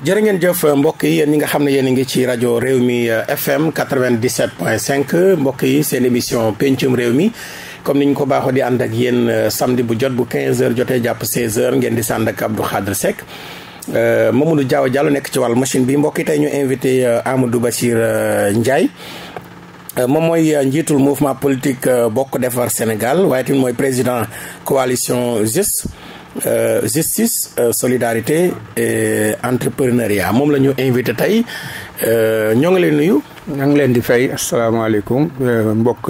jërë ngeen jëf mbokk yi yéen ñi nga xam ne yéen a ngi ci rajo réew mi euh, FM 97.5 mbokk yi seen émission pencum réew mi comme ni ñu ko baaxoo di ànd ak yéen euh, samdi bu jot bu 15 jotee jàpp 16h ngeen di sànd ak Abdou Khadre Seck. Euh, Mamadou Diaw Diallo nekk ci wàllu machine bi mbokki yi tey ñu invité Amadou Bassir Ndiaye. moom mooy njiitul mouvement politique bokk defar Sénégal waaye tamit mooy président coalition juste. Euh, justice euh, solidarité et entrepreneuriat moom la ñu invité tey euh, ñoo ngi leen nuyu. ñoo ngi leen di fay asalaamaaleykum euh, mbokk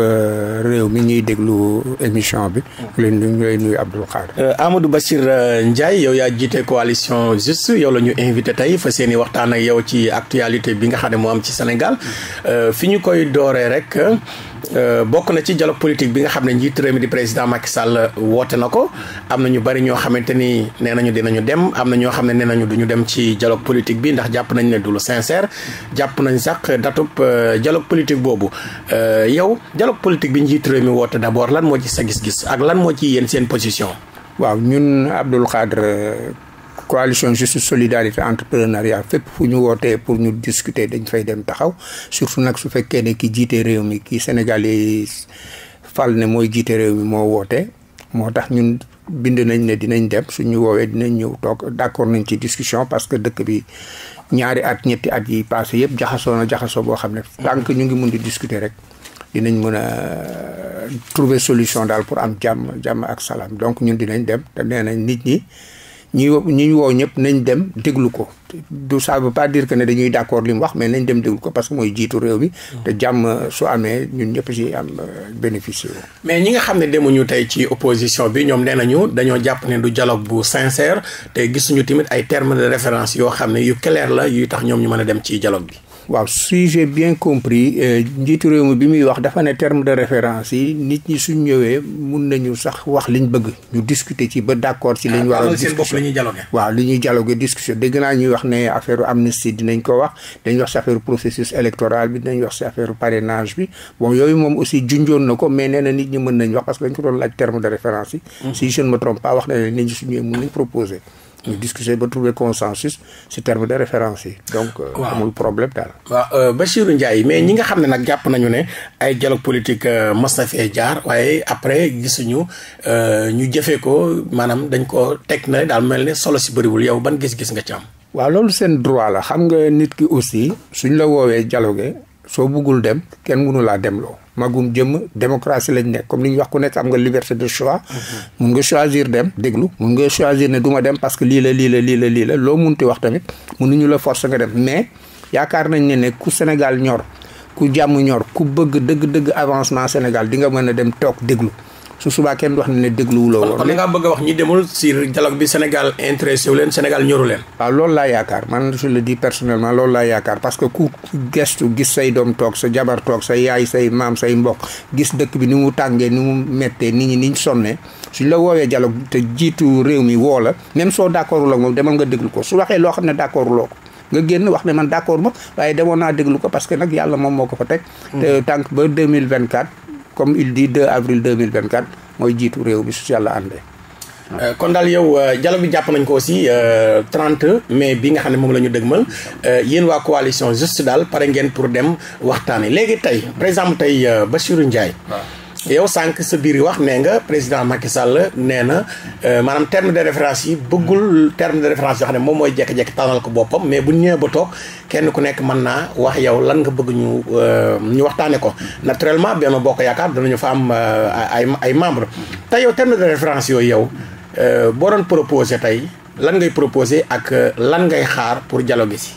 réew mi ñuy déglu émission bi. leen ñu ngi lay nuyu Abdou Khadre. Amadou Bassir yow yaa jiite coalition juste yow la ñu invité tey fa seen i waxtaan ak yow ci actualité bi nga xam ne moo am ci Sénégal fi ñu koy dooree rek. Euh, bokk na ci dialogue politique bi nga xam ne njiit réew mi di président Macky Sall woote na ko am na ñu bari ñoo xamante ni nee nañu dinañu dem am na ñoo xam ne nee nañu du ñu dem ci dialogue politique bi ndax jàpp nañ ne du lu sincère jàpp nañ sax datub euh, dialogue politique boobu euh, yow dialogue politique bi njiit mi woote d'abord lan moo ci sa gis-gis ak lan moo ci yéen seen position. waaw ñun Abdoul Khadre coalition justice solidarité entrepreneuriat fépp fu ñu wootee pour ñu discuter dañ fay dem taxaw surtout nag su fekkee ne ki jiite réew mi ki Sénégal yi fal ne mooy jiite réew mi moo woote moo tax ñun bind nañ ne dinañ dem suñu woowee dinañ ñëw toog d'accord nañ ci discussion parce que dëkk bi ñaari at ñetti at yi passé yëpp jaxasoo na jaxasoo boo xam ne tant ñu ngi mun di discuter rek dinañ mën a euh, trouver solution daal pour am jàmm jàmm ak salaam donc ñun dinañ dem te nee nañ nit ñi ñi ñu woo ñëpp nañ dem déglu ko du ça veut pas dire que ne dañuy d'accord li mu wax mais nañ dem déglu ko parce que mooy jiitu réew mi mm. te jàmm euh, su amee ñun ñëpp si am euh, bénéficier mais ñi nga xam ne demuñu tey ci opposition bi ñoom nee nañu dañoo jàpp ne du dialogue bu sincère te gisuñu tamit ay termes de référence yoo xam ne yu clair la yuy tax ñoom ñu mën a dem ci dialogue bi waaw si j'ai bien compris euh, njiitu réew mi bi muy wax dafa ne terme de référence yi nit ñi suñ ñëwee mun nañu sax wax liñ bëgg ñu discuter ci ba d'accord ci liñ ah, war a discussion waaw li ñuy dialoguer discussion dégg naa ñuy wax ne affaire amnistie dinañ ko wax dañ wax si affaire processus électoral bi dinañ wax si affaire parrainage bi bon yooyu moom aussi junjoon na ko mais nee na nit ñi mën nañ wax parce que dañ ko doon laaj terme de référence yi mm-hmm. si je ne me trompe wax na ñu discuter ba trouver consensus si terme de référence yi. donc euh, amul problème daal. waaw euh, Bassirou Ndiaye mais ñi nga xam ne nag jàpp nañu ne ay dialogue politique euh, mas na fee jaar waaye après gisuñu ñu jëfee ko maanaam dañ ko teg na daal mel ne solo si bëriwul yow ban gis-gis nga ci am. waaw loolu seen droit la xam nga nit ki aussi suñ la woowee dialogue soo buggul dem kenn mënu laa demloo. magum jëmm démocratie lañ ne comme li ñu wax ku nekk am nga liberté de choix mun nga choisir dem déglu mun nga choisir ne duma dem parce que lii la lii la lii la lii la loo munti wax tamit mënuñu la force nga dem mais yaakaar nañ ne ne ku Sénégal ñor ku jàmm ñor ku bëgg dëgg-dëgg avancement Sénégal di nga mën a dem toog déglu su subaa kenn wax ne ne dégluwuloo woon. kon nga bëgg a wax ñi demul si dialogue bi Sénégal intéressé wu leen Sénégal ñoru leen. waaw loolu laa yaakaar man je le dis personnellement loolu laa yaakaar parce que ku gestu gis say doom toog sa jabar toog sa yaay say maam say mbokk gis dëkk bi ni mu tàngee ni mu mettee ni ñi ni ñu sonnee suñ la woowee dialogue te jiitu réew mi woo la même soo d' accordul ak moom demal nga déglu ko su waxee loo xam ne d' accorduloo ko. nga génn wax ne man d'accord ma waaye demoon naa déglu ko parce que nag yàlla moom moo ko fa mm. te tànk ba mille vingt quatre comme il di 2 avril 2024 mooy jiitu réew mi su si yàlla àndee. Euh, kon daal yow euh, dialogue bi jàpp nañ ko aussi euh, trente mai bi nga xam ne moom la ñu dëgmal yéen waa coalition juste daal pare ngeen pour dem waxtaan waxtaanee léegi tey par exemple tey Bassirou Ndiaye. yow sànq sa biir yi wax nee nga président Macky Sall nee na euh, maanaam terme de référence yi bëggul terme de référence yoo xam ne moom mooy jekki-jekki tànnal ko boppam mais bu ñëwee ba toog kenn ku nekk mën naa wax yow lan nga bëgg ñu euh, ñu waxtaane ko naturellement benn bokk yaakaar dana ñu fa am euh, ay ay membre te yow terme de référence yooyu yow boo doon proposé tey lan ngay proposé ak lan ngay xaar pour dialogue si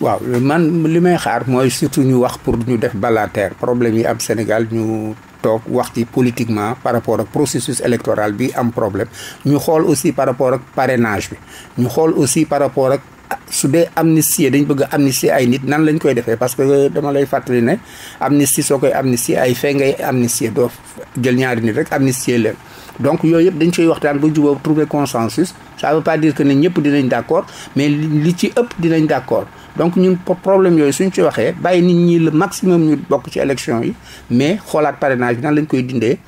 waaw man li may xaar mooy surtout ñu wax pour ñu def balaateer problème yi am Sénégal ñu toog wax ci politiquement par rapport ak processus électoral bi am problème ñu xool aussi par rapport ak parrainage bi ñu xool aussi par rapport ak su dee amnistie dañ bëgg a amnistie ay nit nan lañ koy defee parce que dama lay fàttali ne amnistie soo koy amnistie ay fee ngay amnistie doo jël ñaari nit rek amnistie leen donc yooyu yëpp dañ koy waxtaan ba jubóo trouver consensus ça veut pas dire que ne ñëpp dinañ d'accord mais li ci ëpp dinañ d'accord donc ñun problème yooyu suñ ci waxee bàyyi nit ñi le maximum ñu bokk ci élection yi mais xoolaat parrainage naa nan lañ koy dindee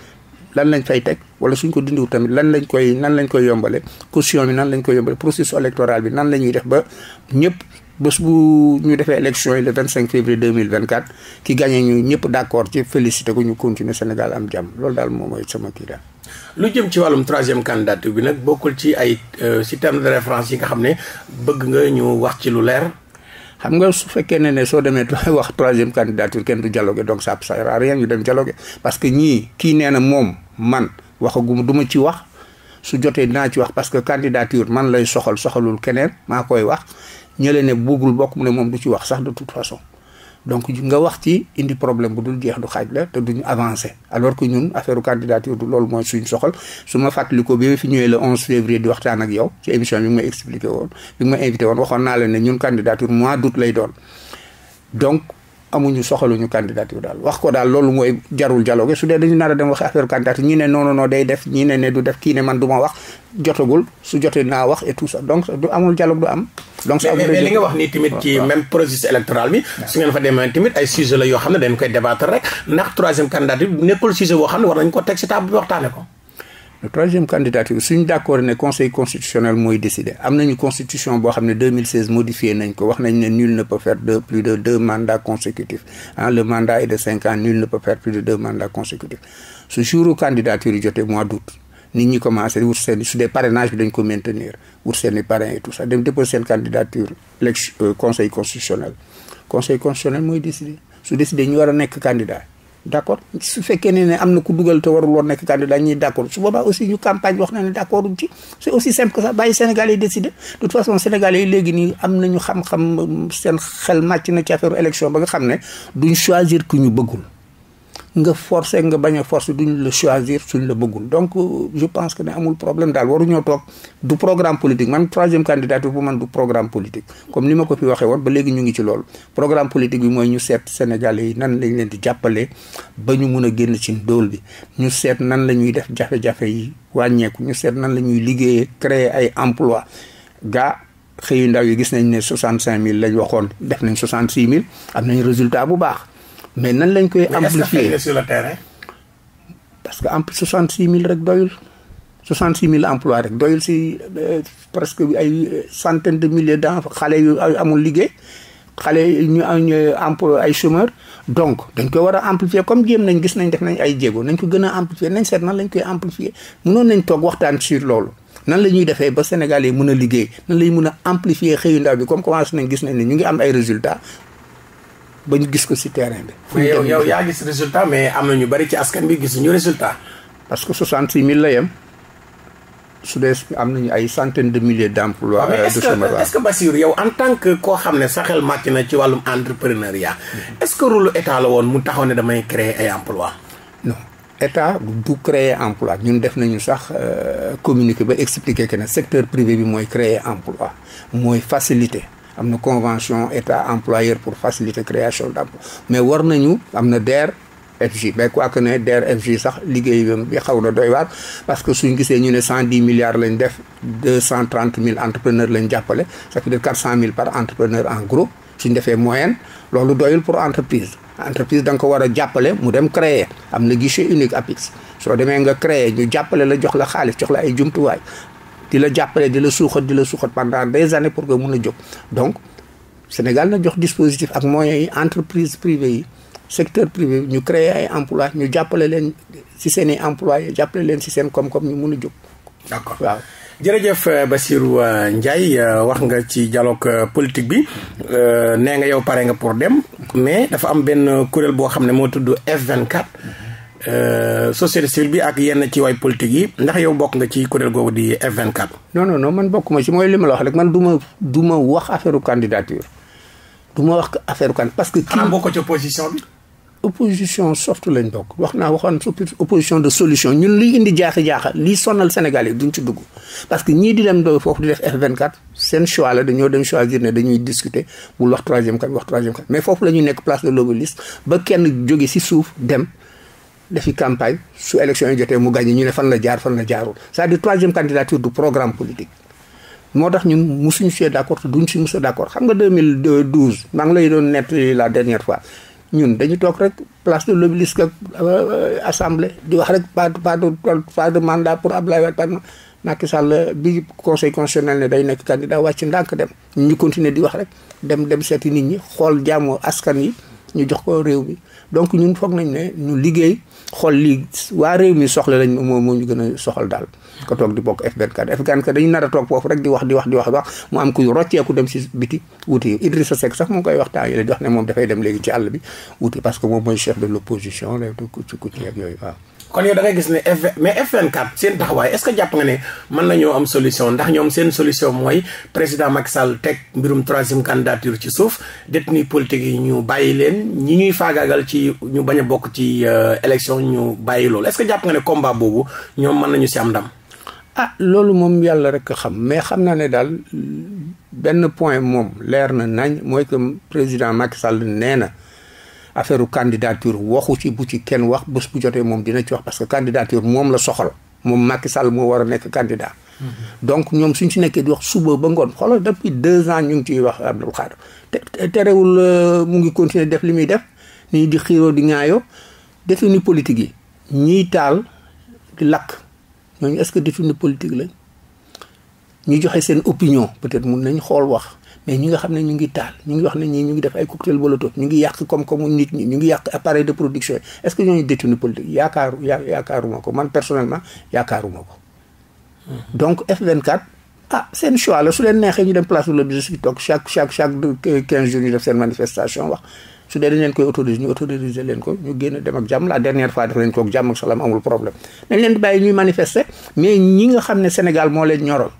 lan lañ fay teg wala suñ ko dindiwu tamit lan lañ koy nan lañ koy yombale caution bi nan lañ koy yombale processus électoral bi nan la ñuy def ba ñëpp bés bu ñu defee élection yi le 25 février 2024 ki gagné ñu ñëpp d' ci félicité ko ñu continuer Sénégal am jàmm loolu daal moom mooy sama kii daal. lu jëm ci wàllum troisième candidature bi nag bokkul ci ay ci euh, terme de référence yi nga xam ne bëgg nga ñu wax ci lu leer. xam nga su fekkee ne ne soo demee wax troisième candidature kenn du dialogué donc ça sert à rien ñu dem dialogué parce que ñii kii nee na moom man waxaguma duma ci wax su jotee dinaa ci wax parce que candidature man lay soxal soxalul keneen maa koy wax ñële ne buggul bokk mu ne moom du ci wax sax de tout façon donc nga wax ci indi problème bu dul jeex du xaaj la te duñu avancé alors que ñun affaire candidature du loolu mooy suñu soxal su ma fàttali ko bi fi ñëwee la 11 février di waxtaan ak yow ci émission bi nga ma expliqué woon bi nga ma invité woon waxoon naa la ne ñun candidature mois d'août lay doon amuñu soxaluñu candidature daal wax ko daal loolu mooy jarul dialogue su dee dañu nar dem wax affaire candidature ñi ne non non day def ñi ne du def kii ne man du ma wax jotagul su jotee naa wax et tout ça donc du amul dialogue du am. donc mais mais li nga wax nii tamit ci même processus électoral bi. su ngeen fa demee tamit ay sujet la yoo xam ne dañ koy débattre rek ndax troisième candidature nekkul sujet boo xam ne war nañ ko teg si table bi waxtaane ko. le troisième candidature suñ d' accord ne conseil constitutionnel mooy décidé am nañu constitution boo xam ne 2016 modifié nañ ko wax nañ ne nul ne peut faire de plus de deux mandats consécutifs ah le mandat est de cinq ans nul ne peut faire plus deux mandats consécutifs su jouru candidature jotee mois d' ni nit ñi commencé wut seen su dee parrainage bi dañ ko maintenir wut seen i parrain et tout ça dem déposer seen candidature lex euh, conseil constitutionnel conseil constitutionnel war a nekk candidat d' accord su fekkee ne ne am na ku dugal te warul woon nekk candidat ñuy d' accord su boobaa aussi ñu campagne wax na ne d' accord ci c' aussi simple que ça bàyyi Sénégalais yi décider de toute façon Sénégalais yi léegi nii am nañu xam-xam seen xel màcc na ci affaire élection ba nga xam ne duñ choisir ku ñu bëggul nga forcer nga bañ a force ñu la choisir suñ la bëggul donc je pense que ne amul problème daal waruñoo toog du programme politique man troisième candidature bu man du programme politique comme ni ma ko fi waxee woon ba léegi ñu ngi ci loolu programme politique bi mooy ñu seet Sénégalais yi nan lañ leen di jàppalee ba ñu mun a génn ci ndóol bi ñu seet nan la ñuy def jafe-jafe yi wàññeeku ñu seet nan la ñuy liggéeyee créer ay emploi ga xëyu ndaw yi gis nañ ne soixante cinq mille lañ waxoon def nañ soixante six mille am nañ résultat bu baax mais nan lañ koy. amplifier mais sur le terrain. parce que am 66000 rek doyul mille emplois rek doyul si euh, presque ay euh, centaine de milliers d'enfants xale yu amul liggéey xale ñu emploi ay chômeurs donc dañ koy war a amplifier comme jéem nañ gis nañ def nañ ay jéego nañ ko gën a amplifier nañ seet nan lañ koy amplifier mënoon nañ toog waxtaan sur loolu. nan la ñuy defee ba Sénégal yi mën a liggéey nan la ñuy mën a amplifier xëyu ndaw bi comme commencé nañ gis nañ ne ñu ngi am ay résultats ba ñu gis ko si terrain bi. mais yow yow yaa gis résultat mais am na ñu bari ci askan bi ñu résultat. parce que 66000 la yem su dee am nañu ay centaines de milliers d' emplois. Ah, euh, de est ce que est ce yow en tant que koo xam ne sa xel màcc na ci wàllum entrepreneuriat mm-hmm. est ce que rôle état la woon mu taxaw ne damay créer ay emplois. non état du créer emploi ñun def nañu sax euh, communiqué ba expliqué que secteur privé bi mooy créer emploi mooy facilité. am na convention état employeur pour faciliter création d'emploi mais war nañu am na DER FJ mais quoique ne DER FJ sax liggéey bi xaw na doy waar parce que suñ gisee ñu ne cent dix milliards lañ def deux cent trente mille entrepreneurs lañ jàppale ça fait quatre cent mille par entrepreneur en gros defee moyenne loolu doyul pour entreprise entreprise danga ko war a jàppale mu dem créer am na guichet unique APIX soo demee nga créer ñu jàppale la jox la xaalis jox la ay jumtuwaay di la jàppale di la suuxat di la suuxat pendant des années pour que mun a jóg donc Sénégal na jox dispositif ak moyens yi entreprise privée yi secteur privé ñu créer ay emploi ñu jàppale leen ci seen i employé jàppale leen ci seen koom-koom ñu mun a jóg d'accord waaw jërëjëf euh, Bassirou euh, Ndiaye euh, wax nga ci dialogue politique bi nee nga yow pare nga pour dem mais dafa am benn kuréel boo xam ne moo tudd F24 Euh, société civile bi ak yenn ci waay politique yi ndax yow bokk nga ci kuréel googu di F24. non non non man bokkuma ci mooy li ma la wax rek man du ma du ma wax affaire candidature du ma wax affaire candidature parce que. kii bokkoo ci opposition bi. opposition soft lañ bokk wax naa waxoon opposition de solution ñun liy indi jaaxi jaaxa liy sonal Sénégal yi duñ ci dugg parce que ñii di dem do foofu di def F24 seen choix la dañoo dem choisir ne dañuy discuter bul wax troisième kan wax troisième kan mais foofu la ñuy nekk place de l'Obélisque ba kenn jóge si suuf dem. defi campagne su élection yi jotee mu gagné ñu ne fan la jaar fan la jaarul c'est-à-dire troisième candidature du programme politique moo tax ñun musuñu see d'accord duñ si musa d'accord xam nga 2012 maa ngi lay doon nett la dernière fois ñun dañu toog rek place de l'Obélisque ak euh, di wax rek pas de pas de pas pour Abdoulaye Wade par Macky Sall bi conseil constitutionnel ne day nekk candidat wàcc ndànk dem ñu continuer di wax rek dem dem seeti nit ñi xool jaamu askan yi ñu jox ko réew mi donc ñun foog nañ ne ñu liggéey xool lii waa réew mi soxla lañ moom moo ñu gën a soxal daal ko toog di bokk F24 F24 dañu nar a toog foofu rek di wax di wax di wax wax mu am kuy rocceeku dem si biti wuti Idrissa Seck sax mu ngi waxtaan yi di wax ne moom dafay dem léegi ci àll bi wuti parce que moom mooy chef de l'opposition léegi ku ci ku yooyu kon yow da gis ne mais F24 seen taxawaay est-ce que jàpp nga ne mën nañoo am solution ndax ñoom seen solution mooy président Macky Sall teg mbirum troisième candidature ci suuf détenu politique yi ñu bàyyi leen ñi ñuy faagaagal ci ñu bañ a bokk ci euh, élection ñu bàyyi loolu est-ce que jàpp nga ne combat boobu ñoom mën nañu si am ndam. ah loolu moom yàlla rek xam mais xam naa ne daal benn point moom leer na nañ mooy que président Macky Sall nee na. affaire candidature waxu ci bu ci kenn wax bés bu jotee moom dina ci wax parce que candidature moom la soxal moom Macky Sall moo war a nekk candidat. Mm-hmm. donc ñoom suñ si nekkee di wax suba ba ngoon xoolal depuis deux ans ñu ngi ciy wax Abdou Khadre euh, mu ngi continuer def li muy def nii di xiiroo di ŋaayoo détenu politique yi ñiy taal lakk ñooñu est-ce que détenu politique lañ ñu joxe seen opinion peut-être mun nañ xool wax. mais ñi nga xam ne ñu ngi taal ñu ngi wax ne ñii ñu ngi def ay cocktail molotov ñu ngi yàq koom-koomu nit ñi ñu ngi yàq appareil de production yi est ce que ñooñu ko donc F24 ah seen choix la su leen neexee ñu dem place de l'Obélisque toog chaque chaque chaque quinze jours ñu def seen manifestation wax su dee dañ leen koy autoriser ñu autoriser leen ko ñu génn dem ak jàmm la dernière fois def leen koog jàmm ak salaam amul problème dañ leen bàyyi ñuy manifester mais ñi nga xam ne Sénégal moo leen ñoroon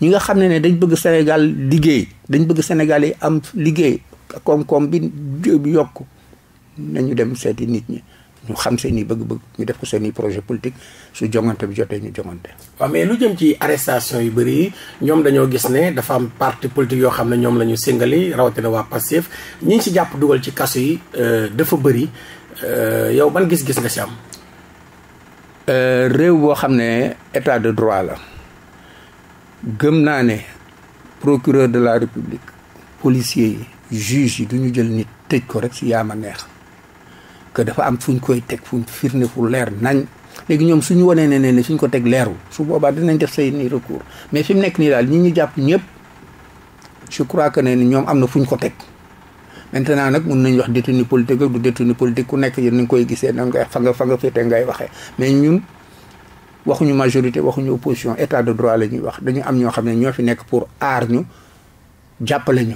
ñi nga xam ne ne dañ bëgg Sénégal liggéey dañ bëgg Sénégal yi am liggéey koom-koom bi yokk nañu dem seeti nit ñi ñu xam seen i bëgg-bëgg ñu def ko seen i projet politique su jongante bi jotee ñu jongante. waaw mais lu jëm ci arrestation yu bëri yi ñoom dañoo gis ne dafa am parti politique yoo xam ne ñoom la ñu singali rawatina waa Pastef ñi ci jàpp dugal ci kaso yi euh, dafa bëri euh, yow ban gis-gis nga si am. Euh, réew boo xam ne état de droit la. gëm naa ne procureur de la république policiers yi juge yi du ñu jël nit tëj ko rek si yaama neex que dafa am fu ñu koy teg fu firnde fu leer nañ léegi ñoom suñu wanee ne ne suñ ko teg leerul su boobaa dinañ def say ni recours mais fi mu nekk nii daal ñi ñu jàpp ñëpp je crois que ne ñoom am na fu ñu ko teg maintenant nag mun nañ wax détenu politique ak du détenu politique ku nekk yéen ni ñu koy gisee na nga fa nga fa nga féete ngay waxee mais waxuñu majorité waxuñu opposition état de droit la ñuy wax dañu am ñoo xam ne ñoo fi nekk pour aar ñu jàppale ñu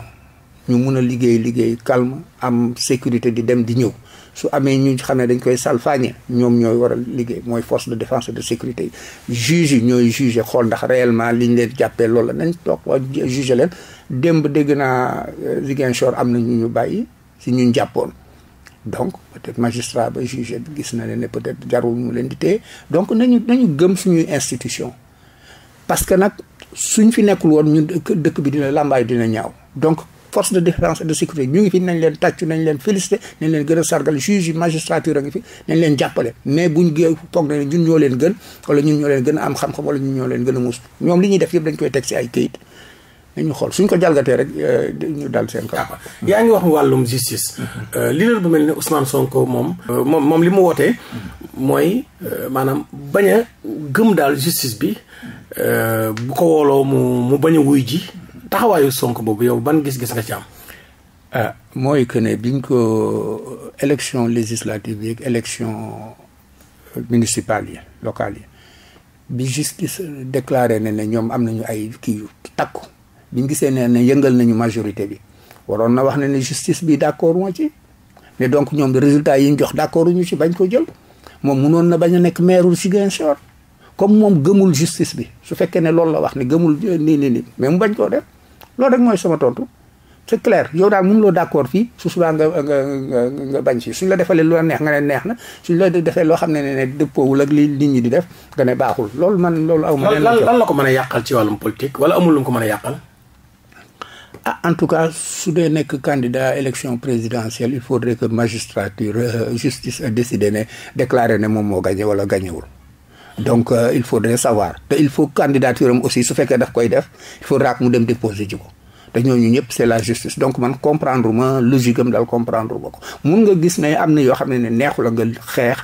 ñu mun a liggéey liggéey calme am sécurité di dem di ñëw su amee ñu xam ne dañ koy salfaañe ñoom ñooy war a liggéey mooy force de défense et de sécurité yi juge yi ñooy juge xool ndax réellement li leen jàppee loolu la nañ toog juge leen démb dégg naa euh, Ziguinchor am na ñu ñu bàyyi si ñu jàppoon donc peut-être magistrat ba jugé gis na leen ne peut-être jarul mu leen di téye donc nañu nañu gëm suñuy institution parce que nag suñ fi nekkul woon ñun dëkk bi dina làmbaay dina ñaaw donc force de défense de sécurité ñu ngi fi nañ leen tàccu nañ leen félicité nañ leen gën a sargal juge yi magistrature ngi fi nañ leen jàppale mais buñ gé foog na ne ñun leen gën wala ñun ñoo gën a am xam-xam wala ñun ñoo leen gën a muus ñoom li ñuy def yëpp dañ koy teg si ay kayit nañu xool suñ ko jalgatee rek euh, ñu dal seen kaw. yaa ngi wax wàllum justice. Euh, leader bu mel ne Ousmane Sonko moom. Euh, moom moom li mu wootee mooy maanaam bañ a gëm daal justice bi bu ko wooloo mu mu bañ a wuy ji taxawaayu sonk boobu yow ban gis-gis nga ci am. ah mooy que ne bi biñ ko élection législative yeeg élection municipale yi locale yi bi justice déclaré ne ne ñoom am nañu ay kii yu takku. ngi gisee ne ne yëngal nañu majorité bi waroon na wax ne ne justice bi d' accord ma ci mais donc ñoom résultat yi ñu jox d' accord ñu ci bañ koo jël moom munoon na bañ a nekk maire Ziguinchor comme moom gëmul justice bi su fekkee ne loolu la wax ne gëmul nii nii nii mais mu koo def loolu rek mooy sama tontu c' yow daal mënuloo d' accord fii su subaa nga nga nga la defalee lu la neex nga neex na suñ la defee loo xam ne ne dëppoowul ak li nit ñi di def nga ne baaxul loolu man loolu aw ma lan la ko mën a yàqal ci wàllum politique wala amul lu mu ko mën a yàqal ah en tout cas su dee nekk candidat élection présidentielle il faudrait que magistrature euh, justice euh, décidé ne déclaré ne moom moo gagné wala gagnéwul donc euh, il faut faudrait savoir te il faut candidature am aussi su fekkee daf koy def il mu dem déposer ji ko te ñooñu ñëpp c'est la justice donc man comprendre ma logique am daal comprendre ba ko mun nga gis ne am na yoo xam ne ne neexu la nga xeex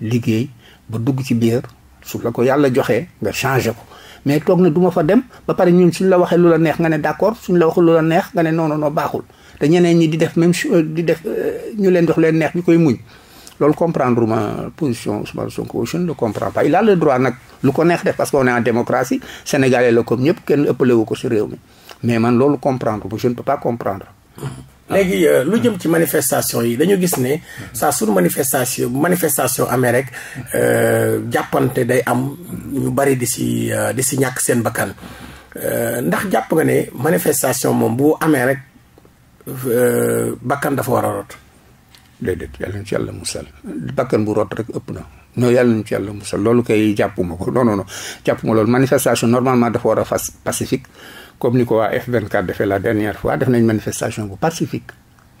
liggéey ba dugg ci biir su la ko yàlla joxee nga changé ko mais toog na duma fa dem ba pare ñun suñ la waxee lu la neex nga ne d'accord suñ la waxee lu la neex nga ne non non non baaxul te ñeneen ñi di def même di def euh, ñu leen dox leen neex ñu koy muñ loolu comprendre ma position Ousmane Sonko je ne le comprends pas il a le droit nag lu ko neex def parce que on est en démocratie sénégalais la ñëpp kenn ëppale wu ko si réew mais man loolu comprendre je ne peux pas comprendre. Mmh. léegi euh, lu jëm ci manifestation yi dañu gis ne saa sur manifestation manifestation amee rek euh, jàppante day am ñu bari di si euh, di si ñàkk seen bakkan ndax jàpp nga ne manifestation moom bu amee rek bakkan dafa war a rot. déedéet yàlla na ci yàlla musal bakkan bu rot rek ëpp na non yàlla na ci yàlla musal loolu kay jàppuma ko non noonu non jàppuma loolu manifestation normalement dafa war a fas pacifique. comme ni ko waa F24 defee la dernière fois def nañ manifestation bu pacifique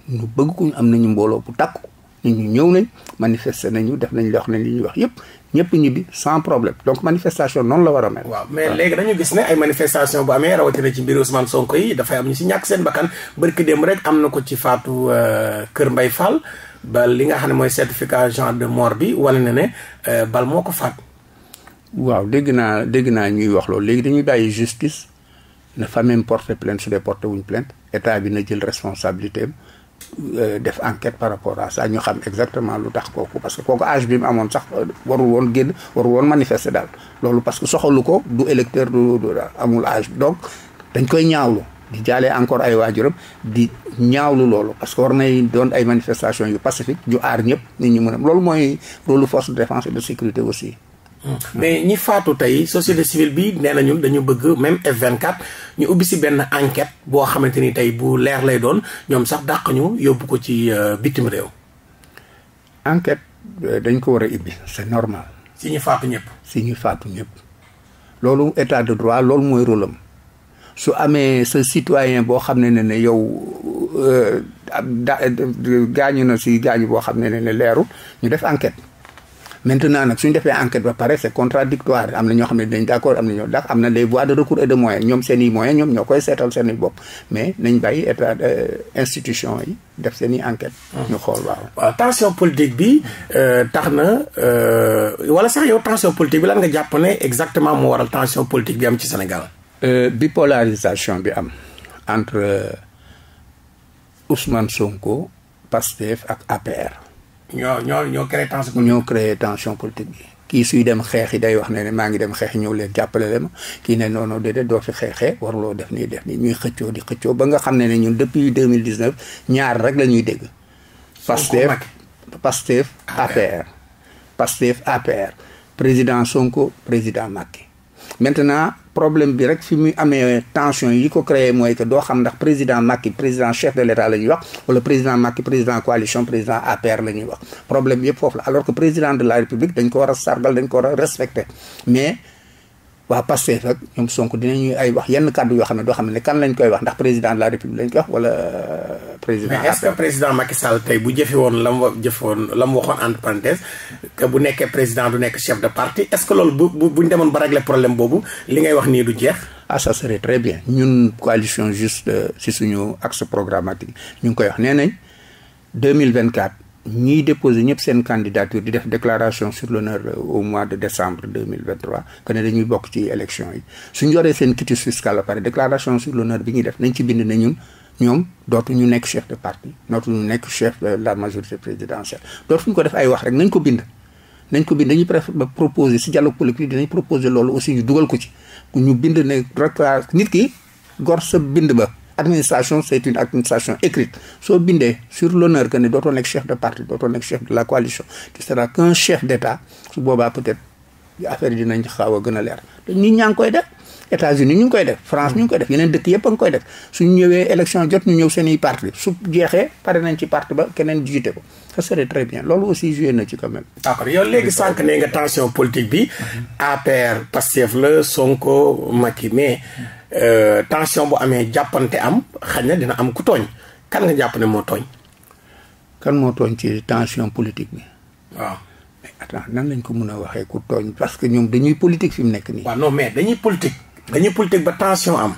ñu bëgg ko ñu am nañu mbooloo bu takku ñu ñëw nañ manifester nañu def nañ wax nañ li ñuy wax yëpp ñëpp ñibbi sans problème donc manifestation noonu la war waaw mais léegi dañu gis ne ay manifestation bu amee rawatina ci mbiru Ousmane Sonko yi dafay am ñu si ñàkk seen bakkan barki démb rek am na ko ci faatu euh, Kër Mbay Fall ba li nga xam ne mooy certificat de mort bi wala na ne euh, bal moo ko faat. waaw dégg naa dégg naa ñuy wax loolu léegi dañuy bàyyi justice. na famille porté plainte su dee porté wuñ plainte état bi na jël responsabilité am euh, def enquête par rapport à ça ñu xam exactement lu tax kooku parce que kooku âge bi mu amoon sax euh, warul woon génn warul woon manifester daal loolu parce que soxalu ko du électeur du amul âge donc dañ koy ñaawlu di jaalee encore ay waajuram di ñaawlu loolu parce que war nay doon ay manifestation yu pacifique ñu aar ñëpp ni ñu mën a loolu mooy rôle force de défense et de sécurité aussi mais ñi faatu tey société civile bi nee nañu dañu bëgg même F24 ñu ubbi si benn enquête boo xamante ni tey bu leer lay doon ñoom sax dàq ñu yóbbu ko ci euh, bitim réew. enquête euh, dañ ko war a ibbi c'est normal. si ñu faatu ñëpp. si ñu ñëpp. loolu état de droit loolu mooy rôle su amee sa citoyen boo xam ne ne ne yow euh, da gaañu na si gaañu boo xam ne ne leeru ñu def enquête. maintenant nag suñu defee enquête ba pare c'est contradictoire am na ñoo xam ne dañ d'accord am na ñoo dax am na des voies de recours et de moyens ñoom seen i moyens ñoom ñoo koy seetal seen i bopp mais nañ bàyyi état euh, institution yi def seen i enquête ah. ñu xool waaw waaw tension politique bi euh, tax na euh, wala sax yow tension politique bi lan nga jàpp exactement moo waral tension politique bi am ci Sénégal bipolarisation bi am entre Ousmane Sonko Pastef ak APR ñoo ñoo ñoo créé tension politique ñoo créé tension politique bi kii suy dem xeex day wax ne ne maa ngi dem xeex ñëw leen jàppale leen ma kii ne non non déedéet doo fi xeexee waruloo def nii def nii ñuy xëccoo di xëccoo ba nga xam ne ne ñun depuis deux mille dix neuf ñaar rek la ñuy dégg. Pastef Pastef APR. Pastef APR président Sonko président Macky. maintenant problème bi rek fi muy amee tension yi ko créé mooy que doo xam ndax président Macky président chef de l'état la ñuy wax wala président Macky président coalition président APR la ñuy wax problème yëpp foofu la alors que président de la république dañ ko war a sargal dañ ko war a respecté mais waa Pastef ak ñoom Sonko dinañu ay wax yenn kàddu yoo xam ne doo xam ne kan lañ koy wax ndax président de la république lañ koy wax wala euh, président. mais est que président Macky Sall bu jëfe woon la mu jëfe woon waxoon entre bu nekkee président du nekk chef de parti est-ce que loolu bu bu ñu demoon ba régler problème boobu li ngay wax nii du jeex. ah ça serait très bien ñun coalition juste euh, si suñu axe programmatique ñu ngi koy wax nee nañ deux mille vingt quatre ñiy déposer ñëpp seen candidature di def déclaration sur l'honneur euh, au mois de décembre deux mille vingt trois que ne bokk ci élection yi suñ yoree seen quitus fiscal la pare déclaration sur l'honneur bi ñuy def nañ ci bind ne ñun ñoom ñu nekk chef de parti dootuñu nekk chef de la majorité présidentielle dootuñu ko def ay wax rek nañ ko bind nañ ko bind dañuy proposer si dialogue politique dinañ proposer loolu aussi ñu ko ko ci ñu bind ne rek nit ki gor sa bind ba administration c'est une administration écrite soo bindee sur l'honneur que ne dootoo nekk chef de parti dootoo nekk chef de la coalition tu seras qu'un chef d'état su boobaa peut-être affaire dinañ xaaw gën a leer te nit ñaa ngi koy def États-Unis ñu ngi koy def France ñu ngi koy def yeneen dëkk yëpp a koy def suñu ñëwee élection jot ñu ñëw seeni parti su jeexee pare nañ ci parti ba keneen jiite ko ça serait très bien loolu aussi joué na ci quand même. d'accord yow léegi sànq ne nga tension politique bi. Mhm. APR Pastef la Sonko mais. Euh, tension bu amee jàppante am xañ na dina am ku tooñ kan nga jàpp ne moo tooñ. kan moo tooñ ci tension politique bi. waaw mais nan lañ ko mun a waxee ku tooñ parce que ñoom dañuy politique fi mu nekk nii. waaw non mais dañuy politique. dañuy politique ba tension am.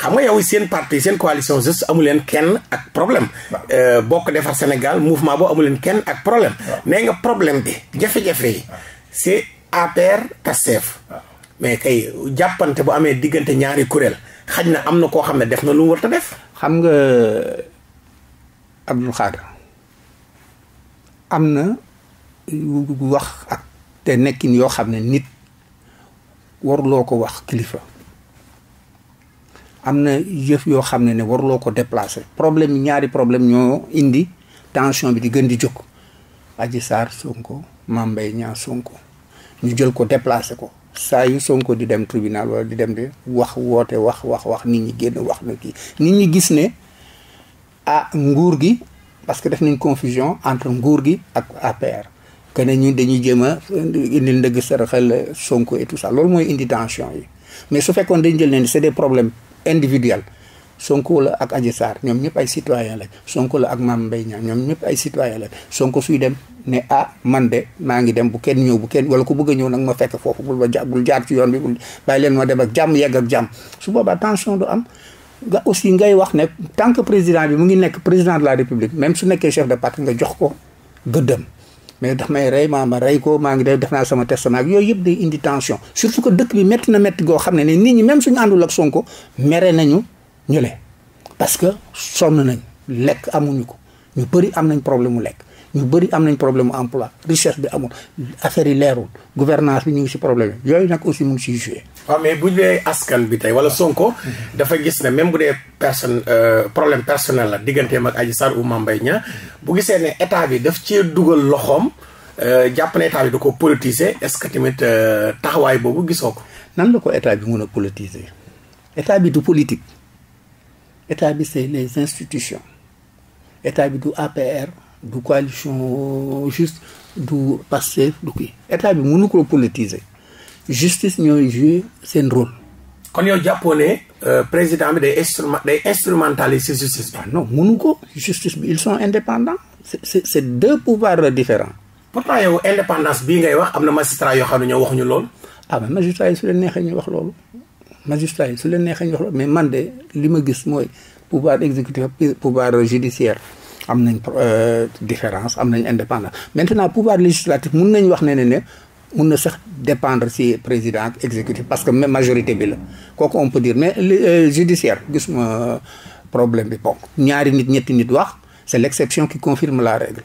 xam nga yow seen parti seen coalition juste amu leen kenn ak problème. Euh, bokk defar Sénégal mouvement boo amu leen kenn ak problème. nee nga problème bi jafe-jafe yi. c'est APR Pastef. mais kay jàppante bu amee diggante ñaari kuréel xaj na am na koo xam ne def na lu mu a def. xam nga Abdou Khadre am na wax ak te nekkin yoo xam ne nit waruloo ko wax kilifa. am na yëf yoo xam ne ne waruloo ko déplacer problème ñaari problème ñoo indi tension bi di gën di jóg Adji Sarr Sonko Mame Mbaye Niang Sonko ñu jël ko déplacer ko saa yu Sonko di dem tribunal wala di dem de wax woote wax wax wax nit ñi génn wax na kii nit ñi gis ne ah nguur gi parce que def nañ confusion entre nguur gi ak APR. que ne ñun dañuy jéem a indil ndëgg saraxal Sonko et tout sax loolu mooy indi tension yi mais su fekkoon dañ jël ne c'est des problème individuels. Sonko la ak Adji Sarr ñoom ñëpp ay citoyen lañ Sonko la ak Mame Mbaye Niang ñoom ñëpp ay citoyen lañ Sonko suy dem ne ah man de maa ngi dem bu kenn ñëw bu kenn wala ku bëgg ñëw nag ma fekk foofu bul ma ja bul jaar ci yoon bi bul leen ma dem ak jàmm yegg ak jàmm su boobaa tension du am nga aussi ngay wax ne tant que président bi mu ngi nekk président de la république même su nekkee chef de parti nga jox ko gëddëm mais daf may rey maa ma rey ko maa ngi def def naa sama testament ak yooyu yëpp day indi tension surtout que dëkk bi métti na xam ne ne nit ñi même suñu àndul ak Sonko mere nañu ñu le parce que sonn nañ lekk amuñu ko ñu bëri am nañ problème mu lekk ñu bëri am nañ problème mu emploi recherche bi amul affaire yi leerul gouvernance bi ñu ngi si problème yi yooyu nag aussi mu ngi siy waaw mais bu ñu nee askan bi tey wala Sonko. dafa gis ne même bu dee personne euh, problème personnel la digganteem ak Adji Sarr ou mbay Mbaye Niang bu gisee ne état bi daf cee dugal loxoom euh, jàpp ne état bi da ko politiser est-ce que tamit euh, taxawaay boobu gisoo ko. nan la ko état bi mun a politiser état bi du politique. état bi c'est les institutions état bi du APR du coalition juste du Pastef du kii état bi mënu ko politiser justice ñoo jouer seen rôle. kon yow jàppoo ne euh, président bi day instrument day instrumentaliser justice bi. Ah non mënu ko justice bi ils sont indépendants c'est c'est c'est deux pouvoirs différents. pourtant yow indépendance bii ngay wax am na magistrat yoo xam ne ñoo waxuñu lool. ah mais na yi su leen neexee ñu wax loolu. magistrat yi su leen neexee ñu wax mais man de li ma gis mooy pouvoir exécutif pouvoir judiciaire am nañ euh, différence am nañ indépendance maintenant pouvoir législatif mun nañ wax ne ne ne mun na sax dépendre si président exécutif parce que même majorité bi la kooku on peut dire mais euh, judiciaire gis ma euh, problème bi bokk ñaari nit ñetti nit wax c'est l'exception ki confirme la règle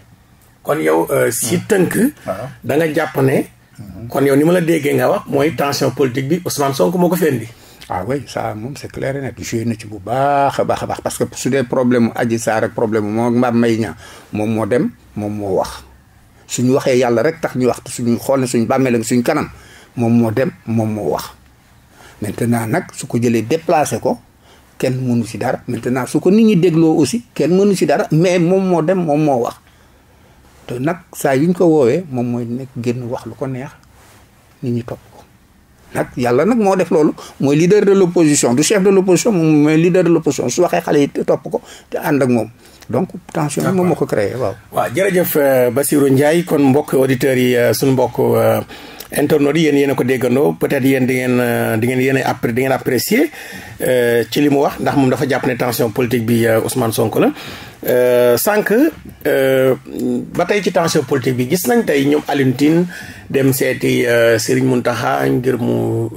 kon yow si mmh. tënk ah. da nga jàpp ne mmh. kon yow ni ma la déggee nga wax mooy tension politique bi Ousmane Sonko moo ko fi indi ah oui ça moom c' est clair et net joué na ci bu baax a baax a baax parce que su dee problème mu Adji Sarr ak problème mu moom Mame Mbaye Niang moom moo dem moom moo wax suñu waxee yàlla rek tax ñu wax suñu xool ne suñu bàmmeel ak suñu kanam moom moo dem moom moo wax. maintenant nag su ko jëlee déplacé ko kenn mënu ci dara maintenant su ko nit ñi dégloo aussi kenn mënu ci dara mais moom moo dem moom moo wax te nag saa yu ñu ko woowee moom mooy nekk génn wax lu ko neex nit ñi topp. nag yàlla nag moo def loolu mooy leader de l'opposition du chef de l'opposition moom mooy leader de l'opposition su waxee xale yi topp ko te ànd ak moom donc tension moom ma ko créé waaw waaw jërëjëf euh, Bassirou Ndiaye kon mbokk auditeurs yi euh, suñu mbokk euh, internautes yi yéen yéen a ko déggandoo peut-être yéen di ngeen di ngeen yéen a di ngeen apprécier ci li mu wax ndax moom dafa jàpp ne tension politique bi Ousmane Sonko la Euh, sànq euh, ba tey ci tension politique bi gis nañ tey ñoom Alioune dem seeti euh, Serigne Mountakha ngir mu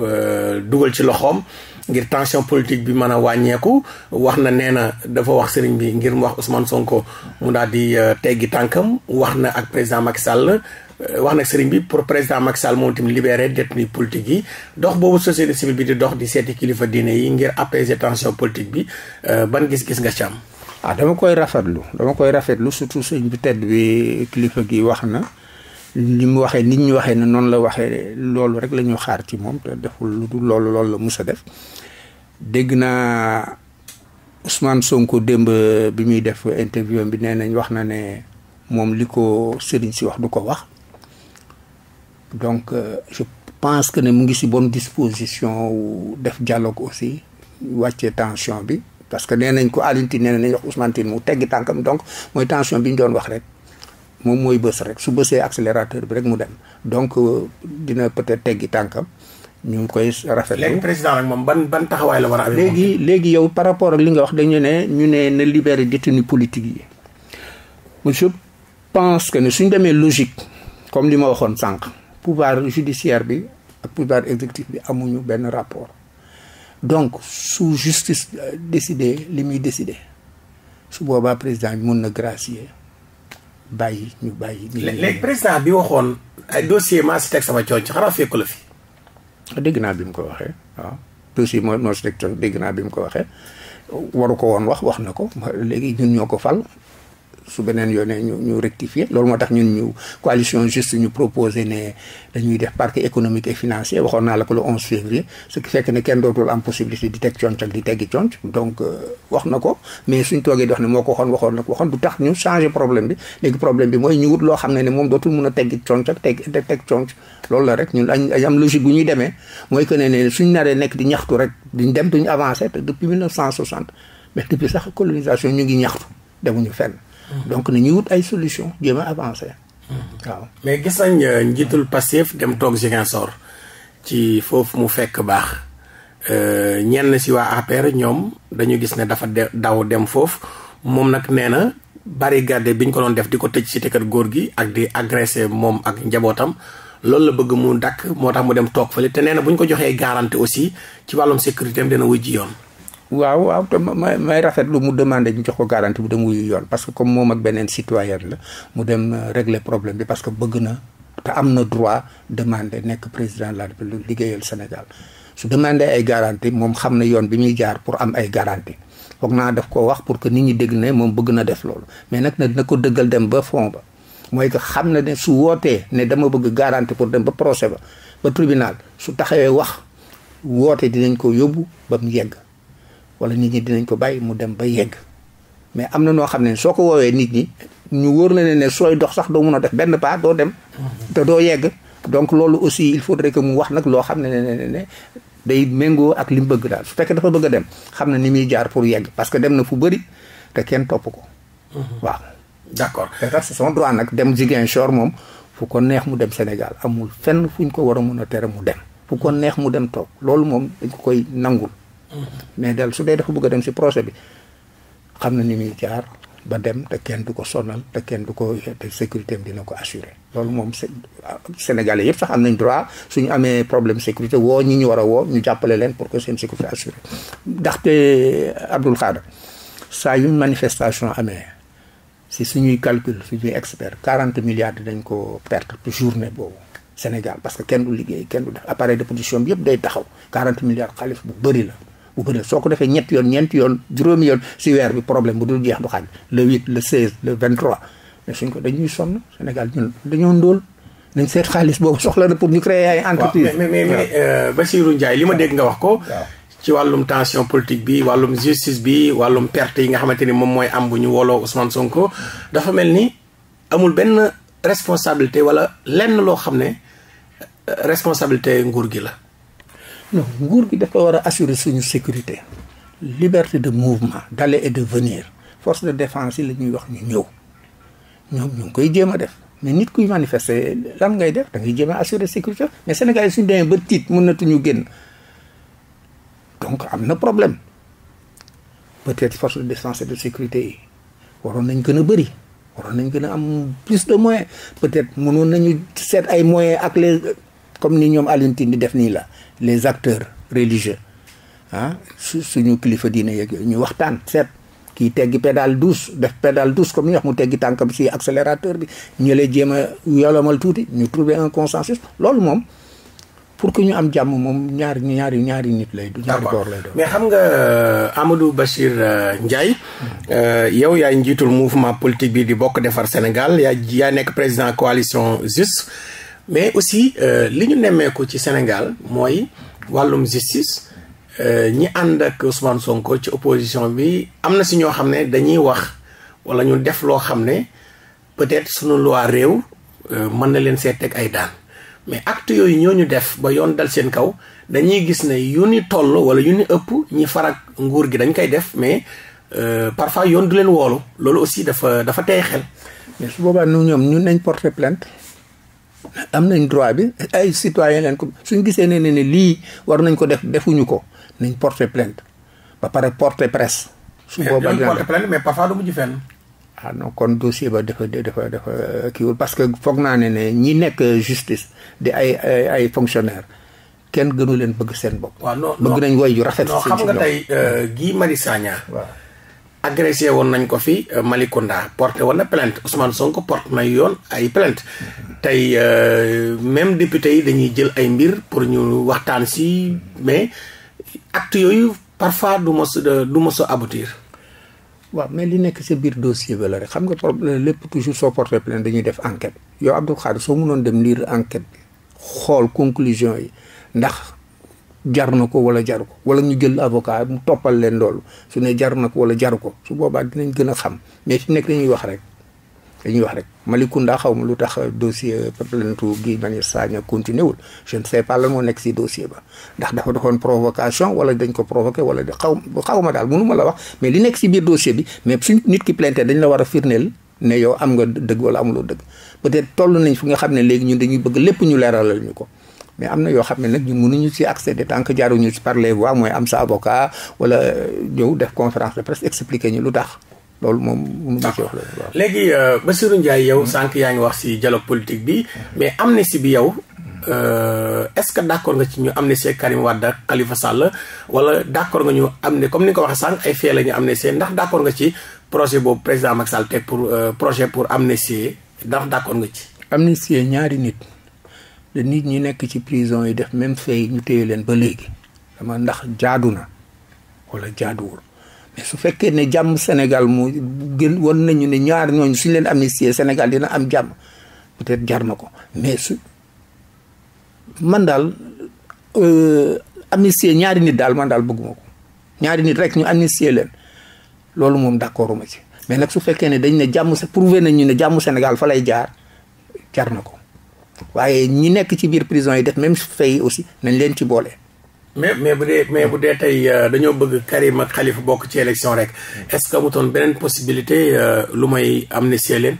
dugal ci loxoom ngir tension politique bi mën a wàññeeku wax na nee na dafa wax sëriñ bi ngir mu wax Ousmane Sonko mu daal di teggi tànkam wax na ak président Macky Sall. wax nag sëriñ bi pour président Macky Sall moom tamit libéré détenu politique yi dox boobu société civile bi di dox di seeti kilifa diine yi ngir apaiser tension politique bi ban gis-gis nga ci am. ah dama koy rafetlu dama koy rafetlu surtout sëñ bu tedd bi kilifa gi wax na li mu waxee nit ñu waxee ne noonu la waxee loolu rek la ñu xaar ci moom te deful lu dul loolu loolu la mus a def dégg naa Ousmane Sonko démb bi muy def interview bi nee nañ wax na ne moom li ko sëriñ si wax du ko wax donc euh, je pense que ne mu ngi si bonne disposition def dialogue aussi wàccee tension bi parce que nee nañ ko Alioune Tine nee nañ wax mu teggi tànkam donc mooy tension bi ñu doon wax rek moom mooy bës rek su bësee accélérateur bi rek mu dem donc euh, dina peut-être teggi tànkam ñu ngi koy rafetlu léegi président moom ban ban taxawaay la a léegi léegi yow par rapport ak li nga wax dañu ne ñu ne na libérer détenus politiques yi monsieur pense que ne suñ demee logique comme li ma waxoon sànq pouvoir judiciaire bi ak pouvoir exécutif bi amuñu benn rapport donc su justice euh, décidé li muy décidé su boobaa président bi mun na gracier bàyyi ñu bàyyi. léegi président bi waxoon ay dossier maa si teg sama coono ci xanaa fekku la fi. dégg naa bi mu ko waxee waaw dossier moo moo si teg dégg naa bi mu ko waxee waru ko woon wax wax na ko léegi ñun ñoo ko fal su beneen yoonee ñu ñu rectifier loolu moo tax ñun ñu coalition juste ñu proposé ne dañuy def parquet économique et financier waxoon naa la ko le 11 février ce qui fekk ne kenn dootul am possibilité di teg conc ak di donc euh, wax na ko mais suñ toogee di wax ne moo ko waxoon waxoon na ko waxoon du tax ñu changé problème bi léegi problème bi mooy ñu wut loo ne ne moom dootul mun a teggi conc ak teg teg loolu la rek ñun añ am logique bu ñuy demee mooy que ne ne suñ naree nekk di ñaxtu rek duñ dem duñ avancé te depuis 1960 mais depuis sax colonisation ñu ngi ñaxtu demuñu fenn donc nañuy wut ay solution jéem a mm-hmm. waaw mais gis nañ euh, njiitul Pastef dem toog Ziguinchor ci foofu mu fekk baax euh, ñenn si waa APR ñoom dañu gis ne dafa daw dem foofu moom nag nee na barricade bi ñu ko doon def di ko tëj ci kër góor gi ak di agressé moom ak njabootam loolu la bëgg mu dakk moo tax mu dem toog fële te nee na bu ñu ko joxee garantie aussi ci wàllum sécurité am dina wujji yoon waaw waaw te may may rafet lu mu demande ñu jox ko garantie bu dem wuyu yoon parce que comme moom ak beneen citoyen la mu dem euh, régler problème bi parce que bëgg na te am na droit demandé nekk président de la République liggéeyal Sénégal su demandé ay garantie moom xam na yoon bi muy jaar pour am ay garantie foog naa def ko wax pour que nit ñi dégg ne moom bëgg na def loolu mais nag na ko dëggal dem ba fond ba mooy que xam ne ne su wootee ne dama bëgg garantie pour dem ba procès ba ba tribunal su taxawee wax woote dinañ ko yóbbu ba mu yegg wala nit ñi dinañ ko bàyyi mu dem ba yegg mais am na noo xam ne soo ko woowee nit ñi ñu wóor la ne ne sooy dox sax doo mun a def benn pas doo dem te doo yegg donc loolu aussi il faudrait que mu wax nag loo xam ne ne ne day méngoo ak li mu bëgg daal su fekkee dafa bëgg a dem xam na ni muy jaar pour yegg parce que dem na fu bëri kenn topp ko mhm. waaw d'accord c'est son droit nag dem Ziguinchor moom fu ko neex mu dem Sénégal amul fenn fu ñu ko war a mun a tere mu dem fu ko neex mu dem toog loolu moom dañ koy nangul mais del su dee dafa bëgg a dem si projet bi xam na ni muy jaar ba dem te kenn du ko sonal te kenn du ko te sécurité am dina ko assuré loolu moom Sénégalais yëpp sax am nañ droit suñu amee problème sécurité woo ñu ñu war a woo ñu jàppale leen pour que seen sécurité assuré ndaxte Abdoul Khadre saa yu manifestation amee si suñuy calcul suñuy expert quarante milliards dañ ko perte journée boobu Sénégal parce que kenn du liggéey kenn du def appareil yëpp day taxaw quarante milliards xaalis bu bëri la bu ko soo ko defee ñetti yoon ñeenti yoon juróomi yoon si weer bi problème bu dul jeex du xaaj le 8 le 16 le 23 mais suñ ko dañuy sonn Sénégal ñun dañoo ndóol nañ seet xaalis boobu soxla na pour ñu créer ay entreprise mais mais mais euh, Bassirou Ndiaye li ma dégg nga wax ko ci wàllum tension politique bi wàllum justice bi wàllum perte yi nga xamante ni moom mooy am bu ñu woloo Ousmane Sonko dafa mel ni amul benn responsabilité wala lenn loo xam ne euh, responsabilité nguur gi la non nguur daf ko war a assurer suñu sécurité liberté de mouvement d'aller et de venir force de défense yi la ñuy wax ñu ñëw ñoom ñu ngi koy jéem a def mais nit kuy manifester lan ngay def da ngay jéem a assurer sécurité mais Sénégal yi suñu demee ba tiit mënatuñu génn donc am na problème peut-être force de défense et de sécurité yi waroon nañ gën a bëri waroon nañ gën a am plus de moyens peut-être munoon nañu seet ay moyens ak les comme ni ñoom Alioune Tine di def nii la les acteurs religieux ah su suñu kilifa diine yeeg yooyu ñu waxtaan seet kii teggi pédale douce def pédale douce comme ñu wax mu teggi tànkam si accélérateur bi ñu lay jéem a yolomal tuuti ñu trouver un consensus loolu moom pour que ñu am jàmm moom ñaari ñaari ñaari nit lay du ñaari lay doon mais xam nga euh, Amadou Bachir euh, Ndiaye euh, yow yaay njiitul mouvement politique bi di bokk defar Sénégal yaa yaa nekk président coalition juste mais aussi euh, li ñu nemmeeku ci Sénégal mooy wàllum justice euh, ñi ànd ak Ousmane Sonko ci opposition bi am na si ñoo xam ne dañuy wax wala ñu def loo xam ne peut-être suñu loi réew euh, mën na leen see teg ay daan mais acte yooyu ñoo ñu def ba yoon dal seen kaw dañuy gis ne yu ni toll wala yu ni ëpp ñi farak nguur gi dañ koy def mais parfois yoon du leen woolu loolu aussi dafa dafa tey xel. mais su ñun nañ porter plainte. am nañ droit bi ay citoyen leen ko suñ gisee ne ne lii war nañ ko def defuñu ko nañ porter plainte ba pare porter presse. su boobaa dina porter plainte mais parfois du mujj fenn. ah kon dossier ba dafa dafa dafa kiiwul parce que foog naa ne ne ñi nekk justice di ay ay ay kenn gënu leen bëgg seen bopp. waaw non bëgg nañ woy ju rafet. si xam nga gii euh, Guy Marius agressé woon nañ ko fi euh, Malicounda porté woon na plainte Ousmane Sonko porte na yoon ay plainte tey euh, même député yi dañuy jël ay mbir pour ñu waxtaan si mais acte yooyu parfois du mos euh, du mos a aboutir. waaw mais li nekk sa biir dossier ba la rek xam nga problème lépp toujours soo porté plainte dañuy def enquête yow Abdou Khadre soo mënoon dem liir enquête bi xool conclusion yi ndax. jar na ko wala jaru ko wala ñu jël avocat mu toppal leen loolu su ne jar na ko wala jaru ko su boobaa dinañ gën a xam mais fi nekk dañuy wax rek dañuy wax rek Malicounda xaw ma lu tax dossier peplaintu gi Guy Marius Sagna continué wul je ne sais pas lan moo nekk si dossier ba ndax dafa doxoon provocation wala dañ ko provoqué wala di xaw xaw ma daal mënu ma la wax mais li nekk si biir dossier bi mais suñ nit ki plainte dañ la war a firndeel ne yow am nga dëgg wala amuloo dëgg peut-être toll nañ fu nga xam ne léegi ñun dañuy bëgg lépp ñu leeralal ñu ko mais am na yoo xam ne nag ñun mënuñu ci accéder tant que jaaruñu ci par les mooy am sa avocat wala ñëw def conférence de presse expliquer ñu lu tax loolu moom mënu ma ci wax la léegi euh, Bassirou Ndiaye yow hmm. sànq yaa ngi wax ci dialogue politique bi hmm. mais amnistie bi yow Euh, est-ce que d'accord nga ci ñu amnistie Karim Wade ak Khalifa Sall wala d'accord nga ñu am ne comme ni nga ko waxee sànq ay fee la ñu amnistie ndax d'accord nga ci projet boobu président Macky Sall teg pour euh, projet pour amnistie ndax d'accord nga ci. amnistie ñaari nit. de nit ñi nekk ci prison yi def même fay ñu téye leen ba léegi dama ndax jaadu na wala jaaduwul mais su fekkee ne jàmm senegal moo gën wan nañu ne ñaar ñooñu suñ leen aministier senegal dina am jàmm peut-être jar na ko mais su man daal euh, amnistie ñaari nit daal man daal bëgguma ko ñaari nit rek ñu amnistie leen loolu moom d'accorduma ci mais nag su fekkee ne dañ ne jàmm prouvé nañu ne jàmm senegal fa lay jaar jar na ko waaye ñi nekk ci biir prison yi def même fay aussi nañ leen ci boole. mais mais bu dee mais bu dee tey euh, dañoo bëgg Karim ak Khalifa bokk ci élection rek est-ce que amutoon beneen possibilité euh, lu may amnistier leen.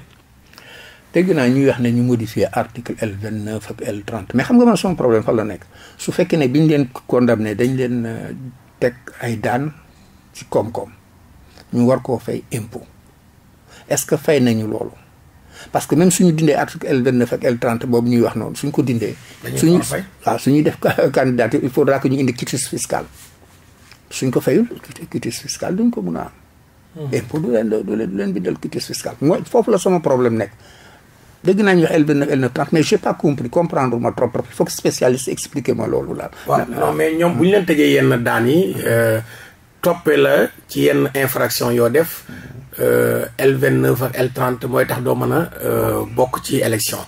dégg naa ñuy wax ne ñu modifier article L vingt neuf L trente mais xam nga man son problème fan la nekk su fekkee ne bi ñu leen condamné dañ leen euh, teg ay daan ci ñu war koo fay impôt est-ce que fay nañu loolu. parce que même suñu dindee article L vingt neuf ak L trente boobu ñuy wax noonu suñ ko dindee. suñu waaw suñu def candidature il faudra que ñu indi quitus fiscal suñ ko fayul quitus fiscal duñ ko mun a am. Hmm. impôt du leen du leen du leen bindal quitus fiscal mooy foofu la sama problème nekk dëgg naa ñu wax l n L930 mais j'ai pas compris comprendre ma trop trop il faut que spécialiste ma loolu daal. waaw mais ñoom hmm. bu ñu leen tëjee yenn daan yi euh, toppee la ci yenn infraction yoo def Euh, L29 ak L30 mooy tax doo mën a euh, bokk ci élection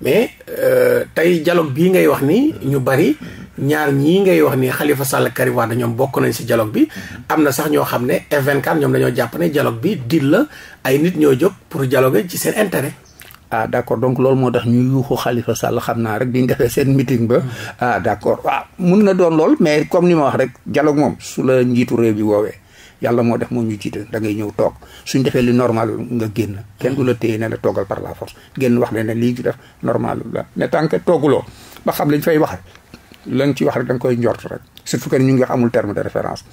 mais euh, tey dialogue bii ngay wax nii ñu bari ñaar ñii ngay wax ni Khalifa Sall Karim Wade ñoom bokk nañ si dialogue bi am na sax ñoo xam ne F24 ñoom dañoo jàpp ne dialogue bi dil la ay nit ñoo jóg pour dialoguer ci seen intérêt ah d' accord donc loolu moo tax ñu yuuxu Khalifa Sall xam naa rek bi ñu defee seen meeting ba ah accord waaw ah, mun na doon lool mais comme ni ma wax rek dialogue moom su la njiitu réew bi woowee yàlla moo def moo ñu jiite da ngay ñëw toog suñ defee li normal nga génn kenn du la téye ne la toogal par la force génn wax ne ne lii ñu def normal la ne tant que tooguloo ba xam lañ fay wax la nga ci wax rek da nga koy njort rek surtout que ñu ngi amul terme de référence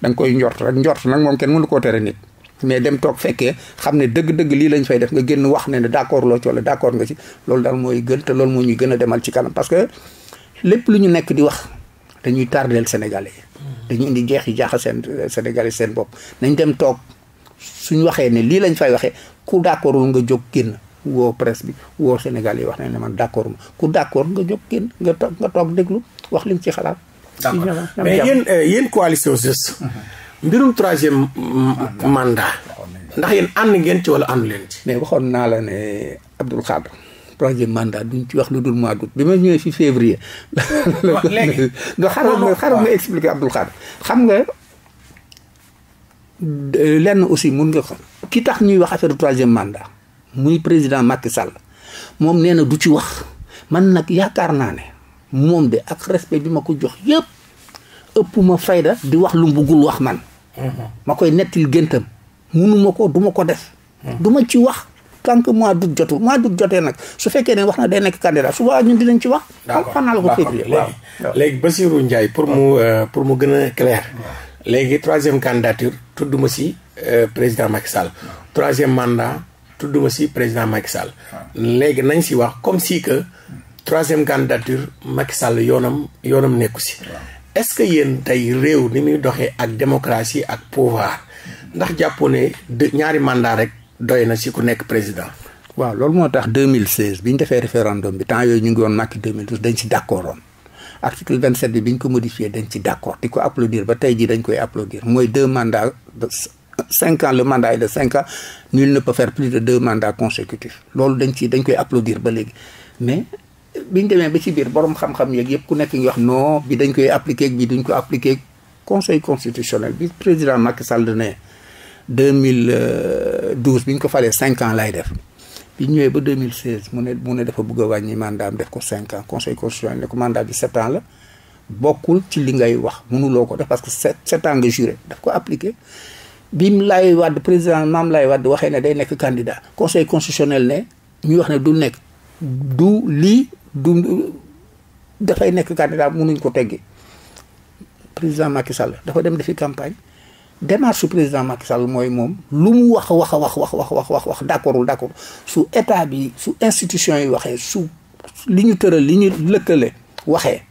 da koy njort rek njort nag moom kenn mënu koo tere nit mais dem toog fekkee xam ne dëgg-dëgg lii lañ fay def nga génn wax ne ne d' accord loo ci wala d' nga ci loolu daal mooy gën te loolu moo gën a demal ci kanam parce que lépp lu ñu nekk di wax dañuy tardeel sénégalais dañuy indi jeex yi jaaxal seen Sénégal seen bopp nañ dem toog suñ waxee ne lii lañ fay waxee ku d'accord nga jóg génn woo presse bi woo Sénégal yi wax nañ ne man d'accord ma ku d'accord nga jóg génn nga toog nga toog déglu wax lim ci xalaat. d'accord mais yéen euh, yéen coalition juste. Mhm. mbirum troisième mandat. ndax yéen ànd ngeen ci walla ànd leen ci. mais waxoon naa la ne Abdoul Khadre. troisième mandat duñ ci wax lu dul mois d'août bi ma ñëwee fi février. la nga xaaral nga xaaral nga expliqué Abdoul Khadre xam nga lenn aussi mun nga ko. ki tax ñuy wax affaire troisième mandat muy président Macky Sall moom nee na du ci wax man nag yaakaar naa ne moom de ak respect bi ma ko jox yëpp ëpp ma fayda di wax lu mu bëggul wax man. Mhm. ma koy nettil géntam. munu ko du ko def. Mhm. du ci wax. tant que mois d'août jotul mois d'août jotee nag su fekkee ne wax na day nekk candidat suba ñun dinañ ci wax. d'accord xam naa ko février waaw léegi Bassirou Ndiaye pour mu euh, pour mu gën a clair. léegi troisième candidature tudduma si euh, président Macky Sall. troisième mandat tudduma si président Macky Sall. léegi nañ si wax comme si que troisième candidature Macky Sall yoonam yoonam nekku si. est-ce que yéen tey réew ni muy doxee ak démocratie ak pouvoir ndax jàppoo ne ñaari mandat rek. doy na ci ku nekk président. waaw loolu moo tax 2016 bi ñu defee référendum bi temps yooyu ñu ngi woon Macky 2012 dañ ci d'accord woon article 27 bi bi ñu ko modifié dañ ci d'accord di ko applaudir ba tey jii dañ koy applaudir mooy de cinq ans le de cinq ans nul ne peut de deux mandats loolu dañ ci dañ koy applaudir ba léegi mais bi ñu demee ba ci biir boroom xam-xam yeeg yëpp ku nekk ñu wax non bi dañ koy appliquer bi duñ ko appliquer conseil constitutionnel bi président Macky Sall ne deux mille douze bi ñu ko falee cinq ans lay def bi ñëwee ba deux mille seize mu ne mu ne dafa bëgg a wàññi mandat am def ko cinq ans conseil constitutionnel ne ko mandat bi sept ans la bokkul ci li ngay wax mënuloo ko def parce que sept sept ans nga juré daf ko appliqué bi mu lay wadd président maam lay wadd waxee ne day nekk candidat conseil constitutionnel ne ñuy wax ne du nekk du lii du dafay nekk candidat mënuñ ko teggi président Macky Sall dafa dem defi campagne démarche su président Macky Sall mooy moom lu mu wax wax wax wax wax wax wax d'accordul d'accord su état bi su institution yi waxee su li ñu tëral li ñu lëkkale waxee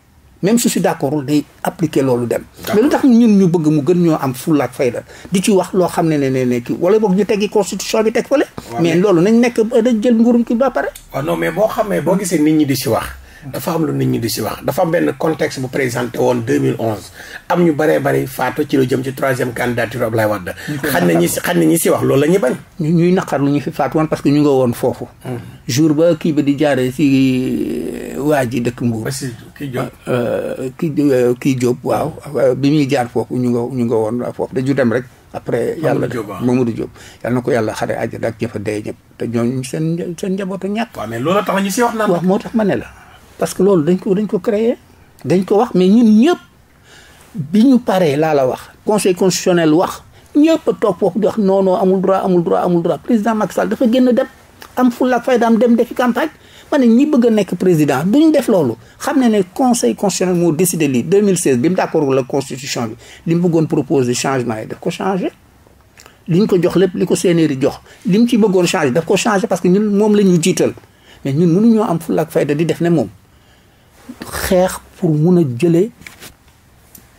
même su si d'accordul day appliquer loolu dem mais lu tax ñun ñu bëgg mu gën ñoo am fulla ak la di ci wax loo xam ne ne ne ne kii wala boog ñu teggi constitution bi teg fële mais loolu nañ nekk dañ jël nguurum ki ba pare waaw non mais boo xamee boo gisee nit ñi di si wax dafa am lu nit ñu di si wax dafa am benn contexte bu présenté woon 2011 am ñu bare bëri faatu ci lu jëm ci troisième candidature Ablaye Wade. xañ na ñi si xañ na ñi si wax loolu la ñuy bañ. ñuy naqar lu ñu fi faatu woon parce que ñu nga woon foofu. Hmm. jour ba kii ba di jaaree si euh, waa ji dëkk Mbour. kii euh, euh, kii Diop waaw bi muy jaar foofu ñu nga ñu nga woon foofu dañu dem rek. après yàlla Mamadou Diop yàlla na ko yàlla xare àjjana ak jëfa dee ñëpp te ñooñu seen seen njaboot a ñàkk. waaw mais loolu tax ñu si wax naan. waaw moo tax ma ne la. parce que loolu dañ ko dañ ko créer dañ ko wax mais ñun ñëpp bi ñu paree laa la wax conseil constitutionnel wax ñëpp topp toog foofu di wax non non amul droit amul droit amul droit président Macky Sall dafa génn dem am fulla ak faydaam dem defi campagne ma ne bëgg nekk président duñ def loolu xam ne ne conseil constitutionnel moo lii 2016 bi mu d'accord la constitution bi li mu bëggoon proposer changement yi daf ko changé li ñu ko jox lépp li ko séenéeri jox li mu ci bëggoon changé daf ko changé parce que ñun moom la ñu jiital mais ñun mënuñoo am fulla ak fayda di def ne moom xeex pour mun a jëlee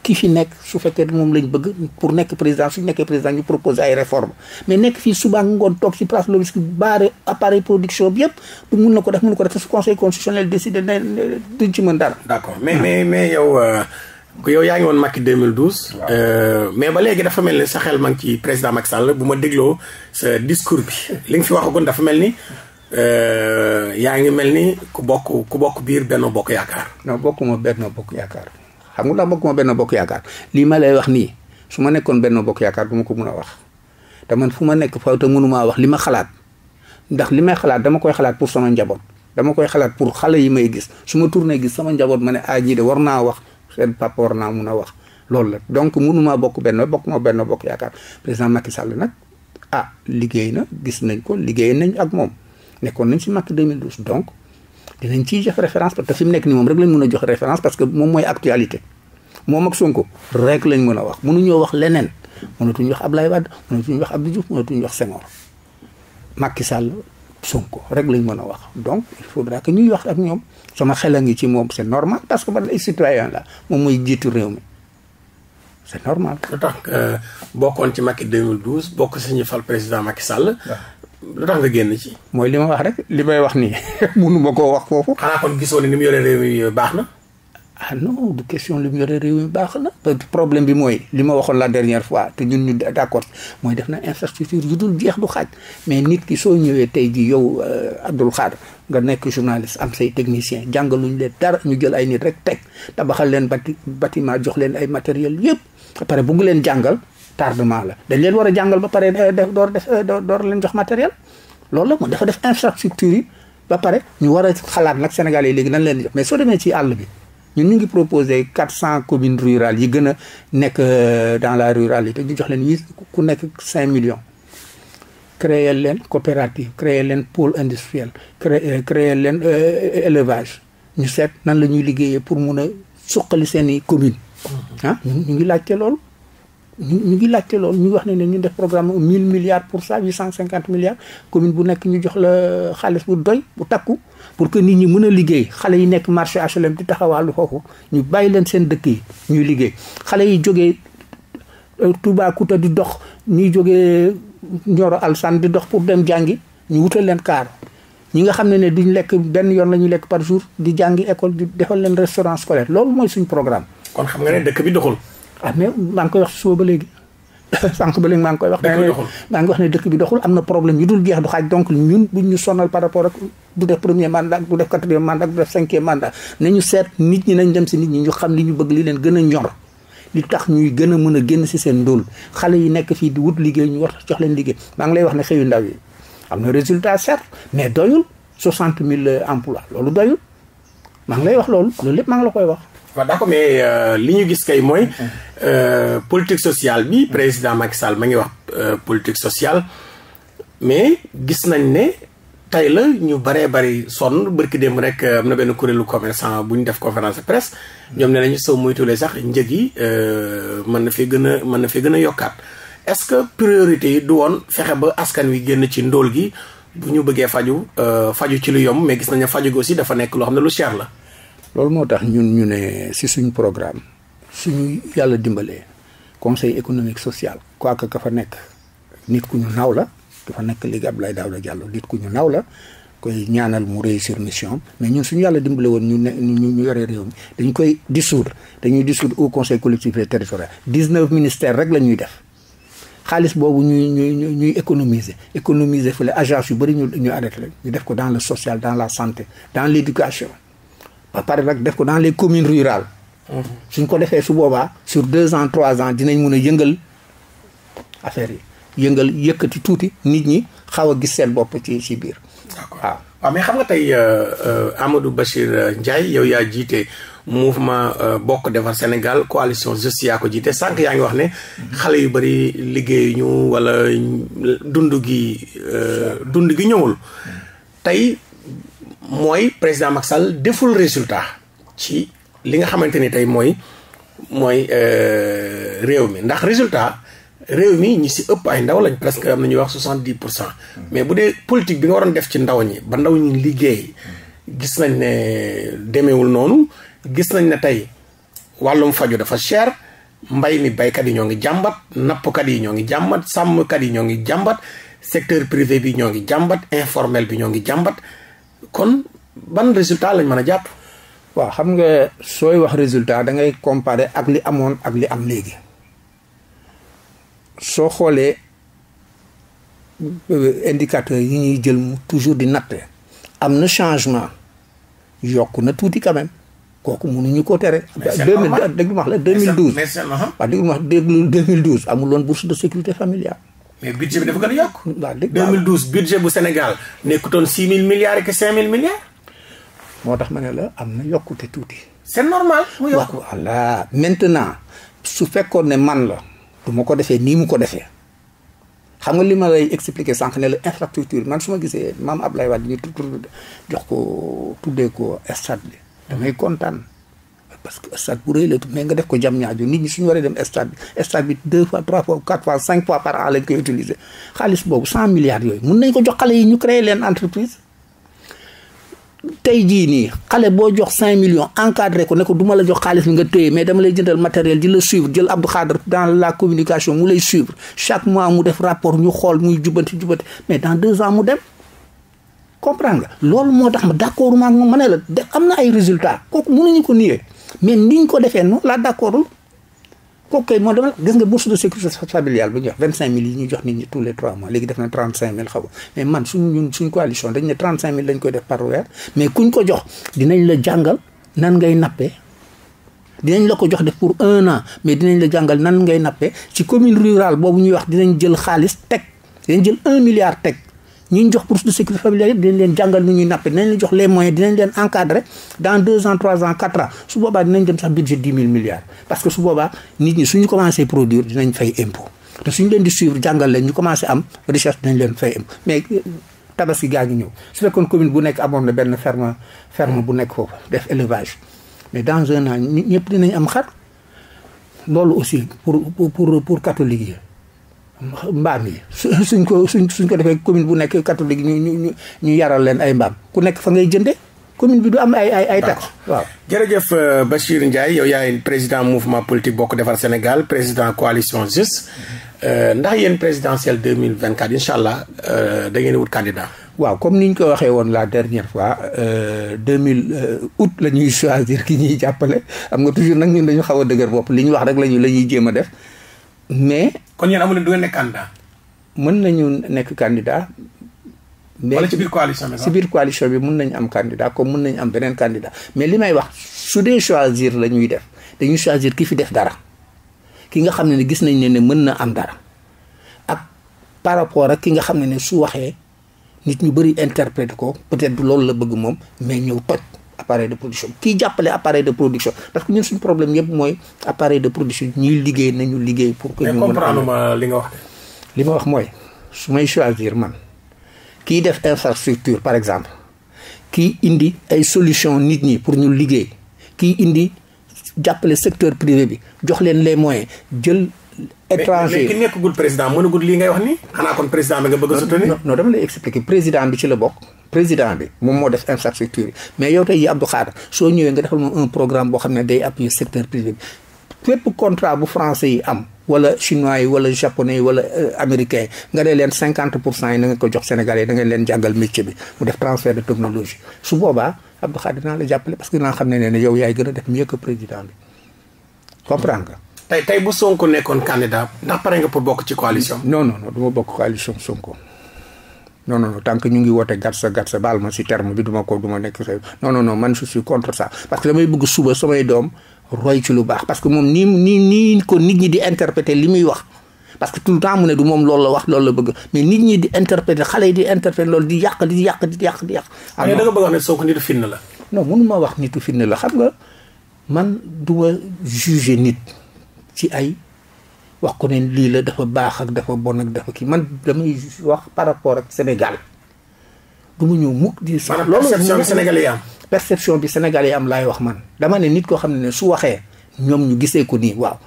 ki fi nekk su fekkee moom lañ bëgg pour nekk président suñ nekkee président ñu proposer ay réformes mais nekk fii suba ngoon toog ci place Lobisque baare appareil production bi yëpp du mun na ko def mun na ko def su conseil constitutionnel décidé ne duñ ci mën dara. d'accord mais mais mais yow euh, yow yaa ngi woon Macky 2012. Euh, mais ba léegi dafa mel ni sa xel maa ngi ci président Macky Sall bu ma dégloo sa discours bi li nga fi waxagoon dafa mel ni. Euh, yaa ngi mel ni ku bokk ku bokk biir benn bokk yaakaar. non bokkuma benn bokk yaakaar xam nga ndax bokkuma benn bokk yaakaar lii ma lay wax nii nekkoon benn bokk yaakaar du ko mun a wax te man fu ma nekk faaw mënumaa wax li ma xalaat ndax li may xalaat dama koy xalaat pour sama njaboot dama koy xalaat pour xale yi may gis su ma tourné gis sama njaboot ma ne ah ñii de war naa wax seen papa war naa mun a wax loolu la donc mënumaa bokk benn bokkuma benn bokk yaakaar président Macky Sall nag ah liggéey na gis nañ ko liggéey nañ ak moom. nekkoon nañ si Macky 2012 donc dinañ ciy jox référence parce que fi mu nekk nii moom rek lañ mën a jox référence parce que moom mooy actualité moom ak Sonko rek lañ mën a wax mënuñoo wax leneen mënatuñu wax Ablaye Wade mënatuñu wax Abdou Diouf mënatuñu wax Senghor Macky Sall Sonko rek lañ mën a wax donc il faudra que ñuy wax ak ñoom sama xel a ngi ci moom c'est normal parce que man ay citoyen la moom mooy jiitu réew mi c'est normal. lu tax euh, bokkoon ci Macky 2012 bokk si ñu fal président Sall. lu tax nga génn ci. mooy li ma wax rek li may wax nii munu ma koo wax foofu. xanaa kon gisoo ni mu yore réew mi baax na. ah non du question li mu yore baax na. problème bi mooy li ma waxoon la dernière fois te ñun ñu d' accord mooy def na infrastructure yu dul jeex du xaaj mais nit ki soo ñëwee tey ji yow euh, Abdoul Khadr nga nekk journaliste am say technicien jàngaluñ leen dara ñu jël ay nit rek teg tabaxal leen bati bâtiment jox leen ay matériel yëpp. ba pare bu leen jàngal tardement la dañ leen war a jàngal ba pare eh, def door def eh, door leen jox matériel loolu la moom dafa def infrastructure yi ba pare ñu war a xalaat nag Sénégal yi léegi nan leen jox mais soo demee ci àll bi ñun ñu ngi proposé quatre cent communes rurales yi gën a nekk euh, dans la ruralité ñu jox leen huit ku nekk cinq millions créer leen coopérative créer leen pôle industriel créer euh, créer leen euh, élevage ñu seet nan la ñuy liggéeyee pour mun a suqali seen i commune mm-hmm. ah ñu ngi laajte loolu ñu ñu ngi laajte loolu ñu wax ne ne ñu def programme mille milliards pour ça huit cent cinquante milliards commune bu nekk ñu jox la xaalis bu doy bu takku pour que nit ñi mën a liggéey xale yi nekk marché HLM di taxawaalu foofu ñu bàyyi leen seen dëkk yi ñuy liggéey xale yi jóge euh, Toubacouta di dox ñuy jóge Nioro Alassane di dox pour dem jàngi ñu wutal leen kaar ñi nga xam ne ne duñ lekk benn yoon la ñuy lekk par jour di jàngi école di defal leen restaurant scolaire lool mooy suñ programme kon xam nga ne dëkk bi doxul ah mais maa ngi koy wax suba ba léegi sànq ba léegi maa ngi koy wax. maa ngi ne dëkk bi doxul am na problème yu dul jeex du xaaj donc ñun buñ ñu sonal par rapport ak du def premier mandat du def quatrième mandat du def cinquième mandat nañu seet nit ñi nañ dem si nit ñi ñu xam ni ñu bëgg li leen gën a ñor. li tax ñuy gën a mën a génn si seen ndóol xale yi nekk fii di wut liggéey ñu war jox leen liggéey maa ngi lay wax ne xëyu ndaw yi am na résultat certes mais doyul soixante mille emplois loolu doyul maa ngi wax loolu loolu lépp maa ngi la koy wax waaw d'accord mais euh, li ñu gis kay mooy mm-hmm. euh, politique social bi mm-hmm. président Macky Sall ma ngi wax euh, politique social mais gis nañ ne tey la ñu baree bari sonn bërki dem rek am na benn kuréelu commerçant bu ñu def conférence de presse mm-hmm. ñoom ne nañu soo moytuwulee sax njëg yi mën na fee gën a mën na fee gën a yokkaat est-ce que priorité yi du woon fexe ba askan wi génn ci ndóol gi bu ñu bëggee faju faju ci lu yomb mais gis nañu faju gi aussi dafa nekk loo xam ne lu cher la loolu moo tax ñun ñu ne si suñu programme suñu yàlla dimbalee conseil économique social quoi que ka fa nekk nit ku ñu naw la dafa nekk léegi Abdoulaye Daouda Diallo nit ku ñu naw la koy ñaanal mu réussir mission mais ñun suñu yàlla dimbale woon ñu ne ñu ñu yore réew mi dañ koy dissoudre dañuy dissoudre au conseil collectivité territorial dix-neuf ministères rek la ñuy def xaalis boobu ñuy ñuy ñuy économiser économiser fële agence yu bëri ñu ñu arrêté la ñu def ko dans le social dans la santé dans l' éducation ba pare nag def ko dans les communes rurales. suñ ko defee su boobaa sur deux ans trois ans dinañ mun a yëngal affaire yi yëngal yëkkati tuuti nit ñi xaw a gis seen bopp ci ci biir. d'accord waaw waaw mais xam nga tey euh, euh, Amadou Bachir euh, Ndiaye yow yaa jiite mouvement bokk defar Sénégal coalition juste yaa ko jiite sànq yaa ngi wax ne xale yu bëri ñu wala dund gi dund gi ñëwul tey. mooy président Macky Sall deful résultat ci li nga xamante ni tey mooy mooy euh, réew mi ndax résultat réew mi ñu si ëpp ay ndaw lañ presque am na ñuy wax soixante dix pour cent mais bu dee politique bi nga waroon def ci ndaw ñi ba ndaw ñi liggéey gis nañ ne demeewul noonu gis nañ ne tey wàllum faju dafa cher mbay mi baykat yi ñoo ngi jàmbat nappkat yi ñoo ngi jàmbat sàmmkat yi ñoo ngi jàmbat secteur privé bi ñoo ngi jàmbat informel bi ñoo ngi jàmbat kon ban résultat lañ mën a jàpp. waaw xam nga sooy wax résultat da ngay comparer ak li amoon ak li am léegi soo xoolee euh, indicateurs yi ñuy jël mu toujours di natte am na changement yokk na tuuti quand même kooku mënuñu ko tere. deux mille déglu ma wax la deux mille douze. waaw déglu ma wax déglu deux de sécurité familiale. mais budget bi dafa gën a yokk. waaw dëgg 2012 budget bu Sénégal nekkutoon 6 000 milliards et que moo tax ma ne la am na yokkute tuuti. c'est normal mu yokk voilà maintenant su fekkoon ne man la. du ma ko defee nii mu ko defee. xam nga li ma lay expliquer sànq ne la infrastructure man su ma gisee maam Ablaye Wade ñu tudd jox ko tuddee ko stade bi. damay kontaan. parce que stade bu rëy la mais nga def ko jam ñaaju nit ñi suñu waree dem stade bi stade bi deux fois trois fois quatre fois cinq fois par an boobu cent milliards yooyu mun nañ ko jox xale yi ñu créer leen entreprise tey jii nii xale boo jox cinq millions encadré ko ne ko du la jox xaalis bi nga téye mais dama lay jëndal matériel di la suivre jël Abdou Khadre dans la communication mu lay suivre chaque mois mu def rapport ñu xool muy jubanti jubanti mais dans deux ans mu dem comprendre nga loolu moo tax ma d'accord ma ak ma ne la am na ay résultat kooku ñu ko nier mais niñ ko defee noonu laa d'accordul kooku kay moo demal gis nga bourse de sécurité familiale bu ñu jox vingt cinq mille yi ñu jox nit ñi tous les trois mois léegi def na trente cinq mille xaw mais man suñ ñun suñ coalition dañ ne par weer mais kuñ ko jox dinañ la jàngal nan ngay nappee dinañ la ko jox def pour un an mais dinañ la jàngal nan ngay nappee ci commune rural boobu ñuy wax dinañ jël xaalis teg dinañ jël un milliard teg ñi ñu jox bourse de sécurité familiale yëpp dinañ leen jàngal nu ñuy nappe dinañ leen jox les moyens dinañ leen encadrer dans deux ans trois ans quatre ans su boobaa dinañ dem sax budget dix mille milliards parce que su boobaa nit ñi suñu commencé produire dinañ fay impôt su suñu leen di suivre jàngal leen ñu commencé am recherche dinañ leen fay impôt mais euh, tabaski gaa ngi ñëw su fekkoon commune bu nekk amoon na benn ferme ferme bu nekk foofu def élevage mais dans un an ñëpp dinañ am xar loolu aussi pour pour pour catholique yi mbaam yi suñ ko suñ suñ ko defee commune bu nekk catholique ñu ñu ñu ñu yaral leen ay mbaam ku nekk fa ngay jënde commune bi du am ay ay ay tax waaw jërëjëf euh, Bachir Ndiaye yow yaay président mouvement politique bokk defar Sénégal président coalition juste mm-hmm. euh, ndax yéen présidentielle 2024 incha allah da ngeen wut candidat waaw comme ni ñu ko waxee woon la dernière fois euh, deux mille août la ñuy choisir ki ñuy jàppale am nga toujours nag ñun dañu xaw a dëgër bopp li ñu wax rek la ñu la ñuy jéem a def mais. kon yéen amu leen du nekk candidat. mën nañu nekk candidat. mais wala ci biir coalition bi. ci biir coalition bi mën nañu am candidat comme mën nañu am beneen candidat mais li may wax su dee choisir la ñuy def dañuy choisir ki fi def dara ki nga xam ne gis nañ ne ne mën na am dara ak par rapport ak ki nga xam ne ne su waxee nit ñu bëri interprète ko peut-être du loolu la bëgg moom mais ñëw toj. appareil de production kii jàppale appareil de production parce que ñun suñu problème yëpp mooy appareil de production ñuy liggéey nañu liggéey pour que ñu comprendre ma li nga wax li ma wax mooy su may par exemple kii indi ay solution nit ñi pour ñu liggéey kii indi jàppale secteur privé bi jox leen les moyens jël étranger mais ki nekkagul président mënagul lii ngay wax ni xanaa kon président bi nga bëgg a soutenir non dama lay expliquer président bi ci la bokk président bi moom moo def infrastructure yi mais yow tey yi Abdou Khadre soo boo xam ne day appuyer secteur privé bi fépp bu français yi am wala chinois yi wala japonais yi wala euh, américains yi nga ne leen cinquante pour cent yi na nga ko jox sénégalais yi da nga leen jàngal métier bi mu def transfert de technologie su boobaa Abdou Khadre dinaa la jàppale parce que dinaa xam ne ne yow yaay gën a def mieux que président bi comprendre tey tey bu Sonko nekkoon candidat ndax pare nga pour bokk ci coalition. non non non bokk coalition Sonko. non non non ñu ngi woote gatsa gatsa baal ma si terme bi ko duma nekk sa non man je suis que damay bëgg suba samay doom roy ci lu baax que moom nii nii nii ko nit ñi di li muy wax. parce que tout le temps mu ne du moom loolu la wax loolu la bëgg mais nit ñi di interpréter xale yi di loolu di yàq di yàq di yàq yàq. am ah, na mais da nga wax ne Sonko nitu la. non mënuma wax nitu fitna la xam nga man du ma nit. ci ay wax ko ne lii la dafa baax ak dafa bon ak dafa kii man damay wax par rapport ak Sénégal du mu ñëw mukk di. loolu perception bi Sénégal yi am. perception bi Sénégal yi am laay wax man dama ne nit koo xam ne su waxee ñoom ñu gisee ko nii waaw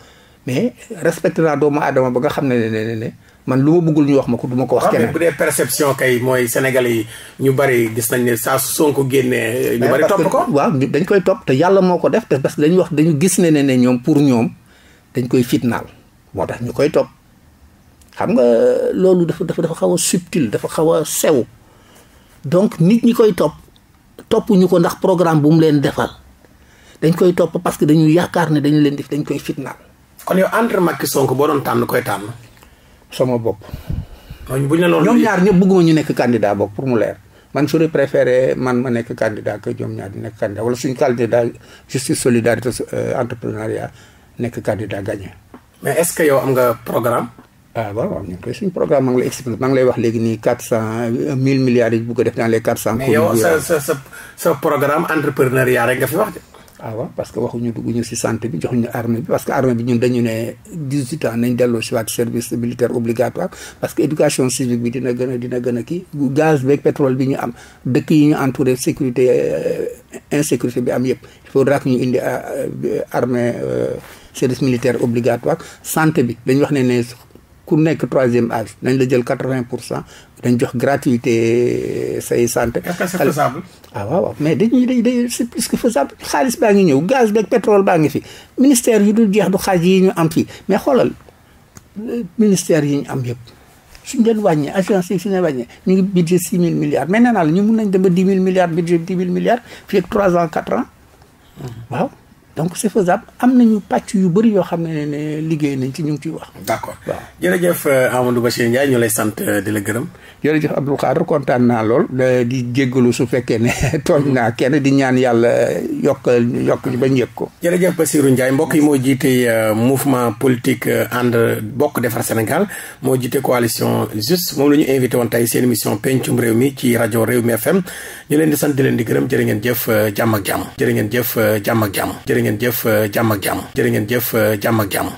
mais respecté naa doomu adama ba nga xam ne ne ne man lu ma bëggul ñu wax ma ko duma ko wax. keneen bu dee perception kay mooy Sénégal yi ñu bari gis nañ ne saa soo ko génnee. ñu bari topp ko waaw dañ koy topp te yàlla moo ko def te parce que dañuy wax dañu gis ne ne ne ñoom pour ñoom. dañ koy fitnaal moo tax ñu koy topp xam nga loolu dafa dafa dafa xaw a subtil dafa xaw a sew donc nit ñi koy topp topp ñu ko ndax programme bu mu leen defal dañ koy topp parce que dañu yaakaar ne dañu leen def dañ koy fitnaal. kon yow entre Macky Sonko boo doon tànn koy tànn. sama bopp. bu ñu ñoom ñaar ñëpp bëgguma ñu nekk candidat bokk pour mu leer man su préféré man ma nekk candidat que ñoom ñaar di nekk candidat wala suñu candidat justice solidarité euh, entrepreneuriat nekk candidat gagné. mais est-ce que yow am nga programme. ah waaw programme maa ngi lay wax léegi nii quatre cent euh, mille milliards yi bu ko def dans les quatre cent. mais def sa sa sa sa nga fi wax de. ah parce que waxuñu dugguñu si santé bi joxuñu armée bi parce que armée bi ñun dañu ne dix huit ans nañ delloo ci waat service militaire obligatoire parce que éducation civique bi dina gën a dina gën a kii gaz beeg pétrole bi ñu am dëkk yi ñu entouré sécurité euh, insécurité bi am yëpp il faudra ñu indi euh, armée service militaire obligatoire santé bi dañ wax ne ne ku nekk troisième âge nañ la jël quatre vingt pour cent dañ jox gratuité euh, say santé. est-ce que ah, waaw waaw mais dañuy day day c'est plus que faisable xaalis baa ngi ñëw gaz beeg pétrole baa ngi fi ministère yu dul jeex du xaaj yi ñu am fii mais xoolal euh, ministère yi ñu am yëpp. suñ leen wàññee agence yi suñ leen wàññee ñu ngi budget six mille milliards mais nee naa la ñu mun nañ dem ba mille milliards budget dix fii ak trois ans quatre ans donc c'est faisable am nañu pàcc yu bari yoo xam ne ne liggéey nañ ci ñu ngi ciy wax. d'accord waaw jërëjëf euh, Amadou Bachir Ndiaye ñu lay sant euh, di la gërëm. jërëjëf Abdou Khadre kontaan naa lool euh, di jéggalu su fekkee ne tooñ mm-hmm. naa kenn di ñaan yàlla yokk yokk ba ñu yëg ko. jërëjëf Bassirou Ndiaye mbokk yi moo jiite mouvement politique ànd bokk defar Sénégal moo jiite coalition juste moom la ñu invité woon tey seen émission pencum réew mi ci rajo réew mi FM ñu leen di sant di leen di gërëm jërë ngeen jëf jàmm ak jàmm. jërë ngeen jëf jàmm ak jàmm ngeen jëf euh, jàmm ak jàmm jërë ngeen jëf euh, jàmm ak jàmm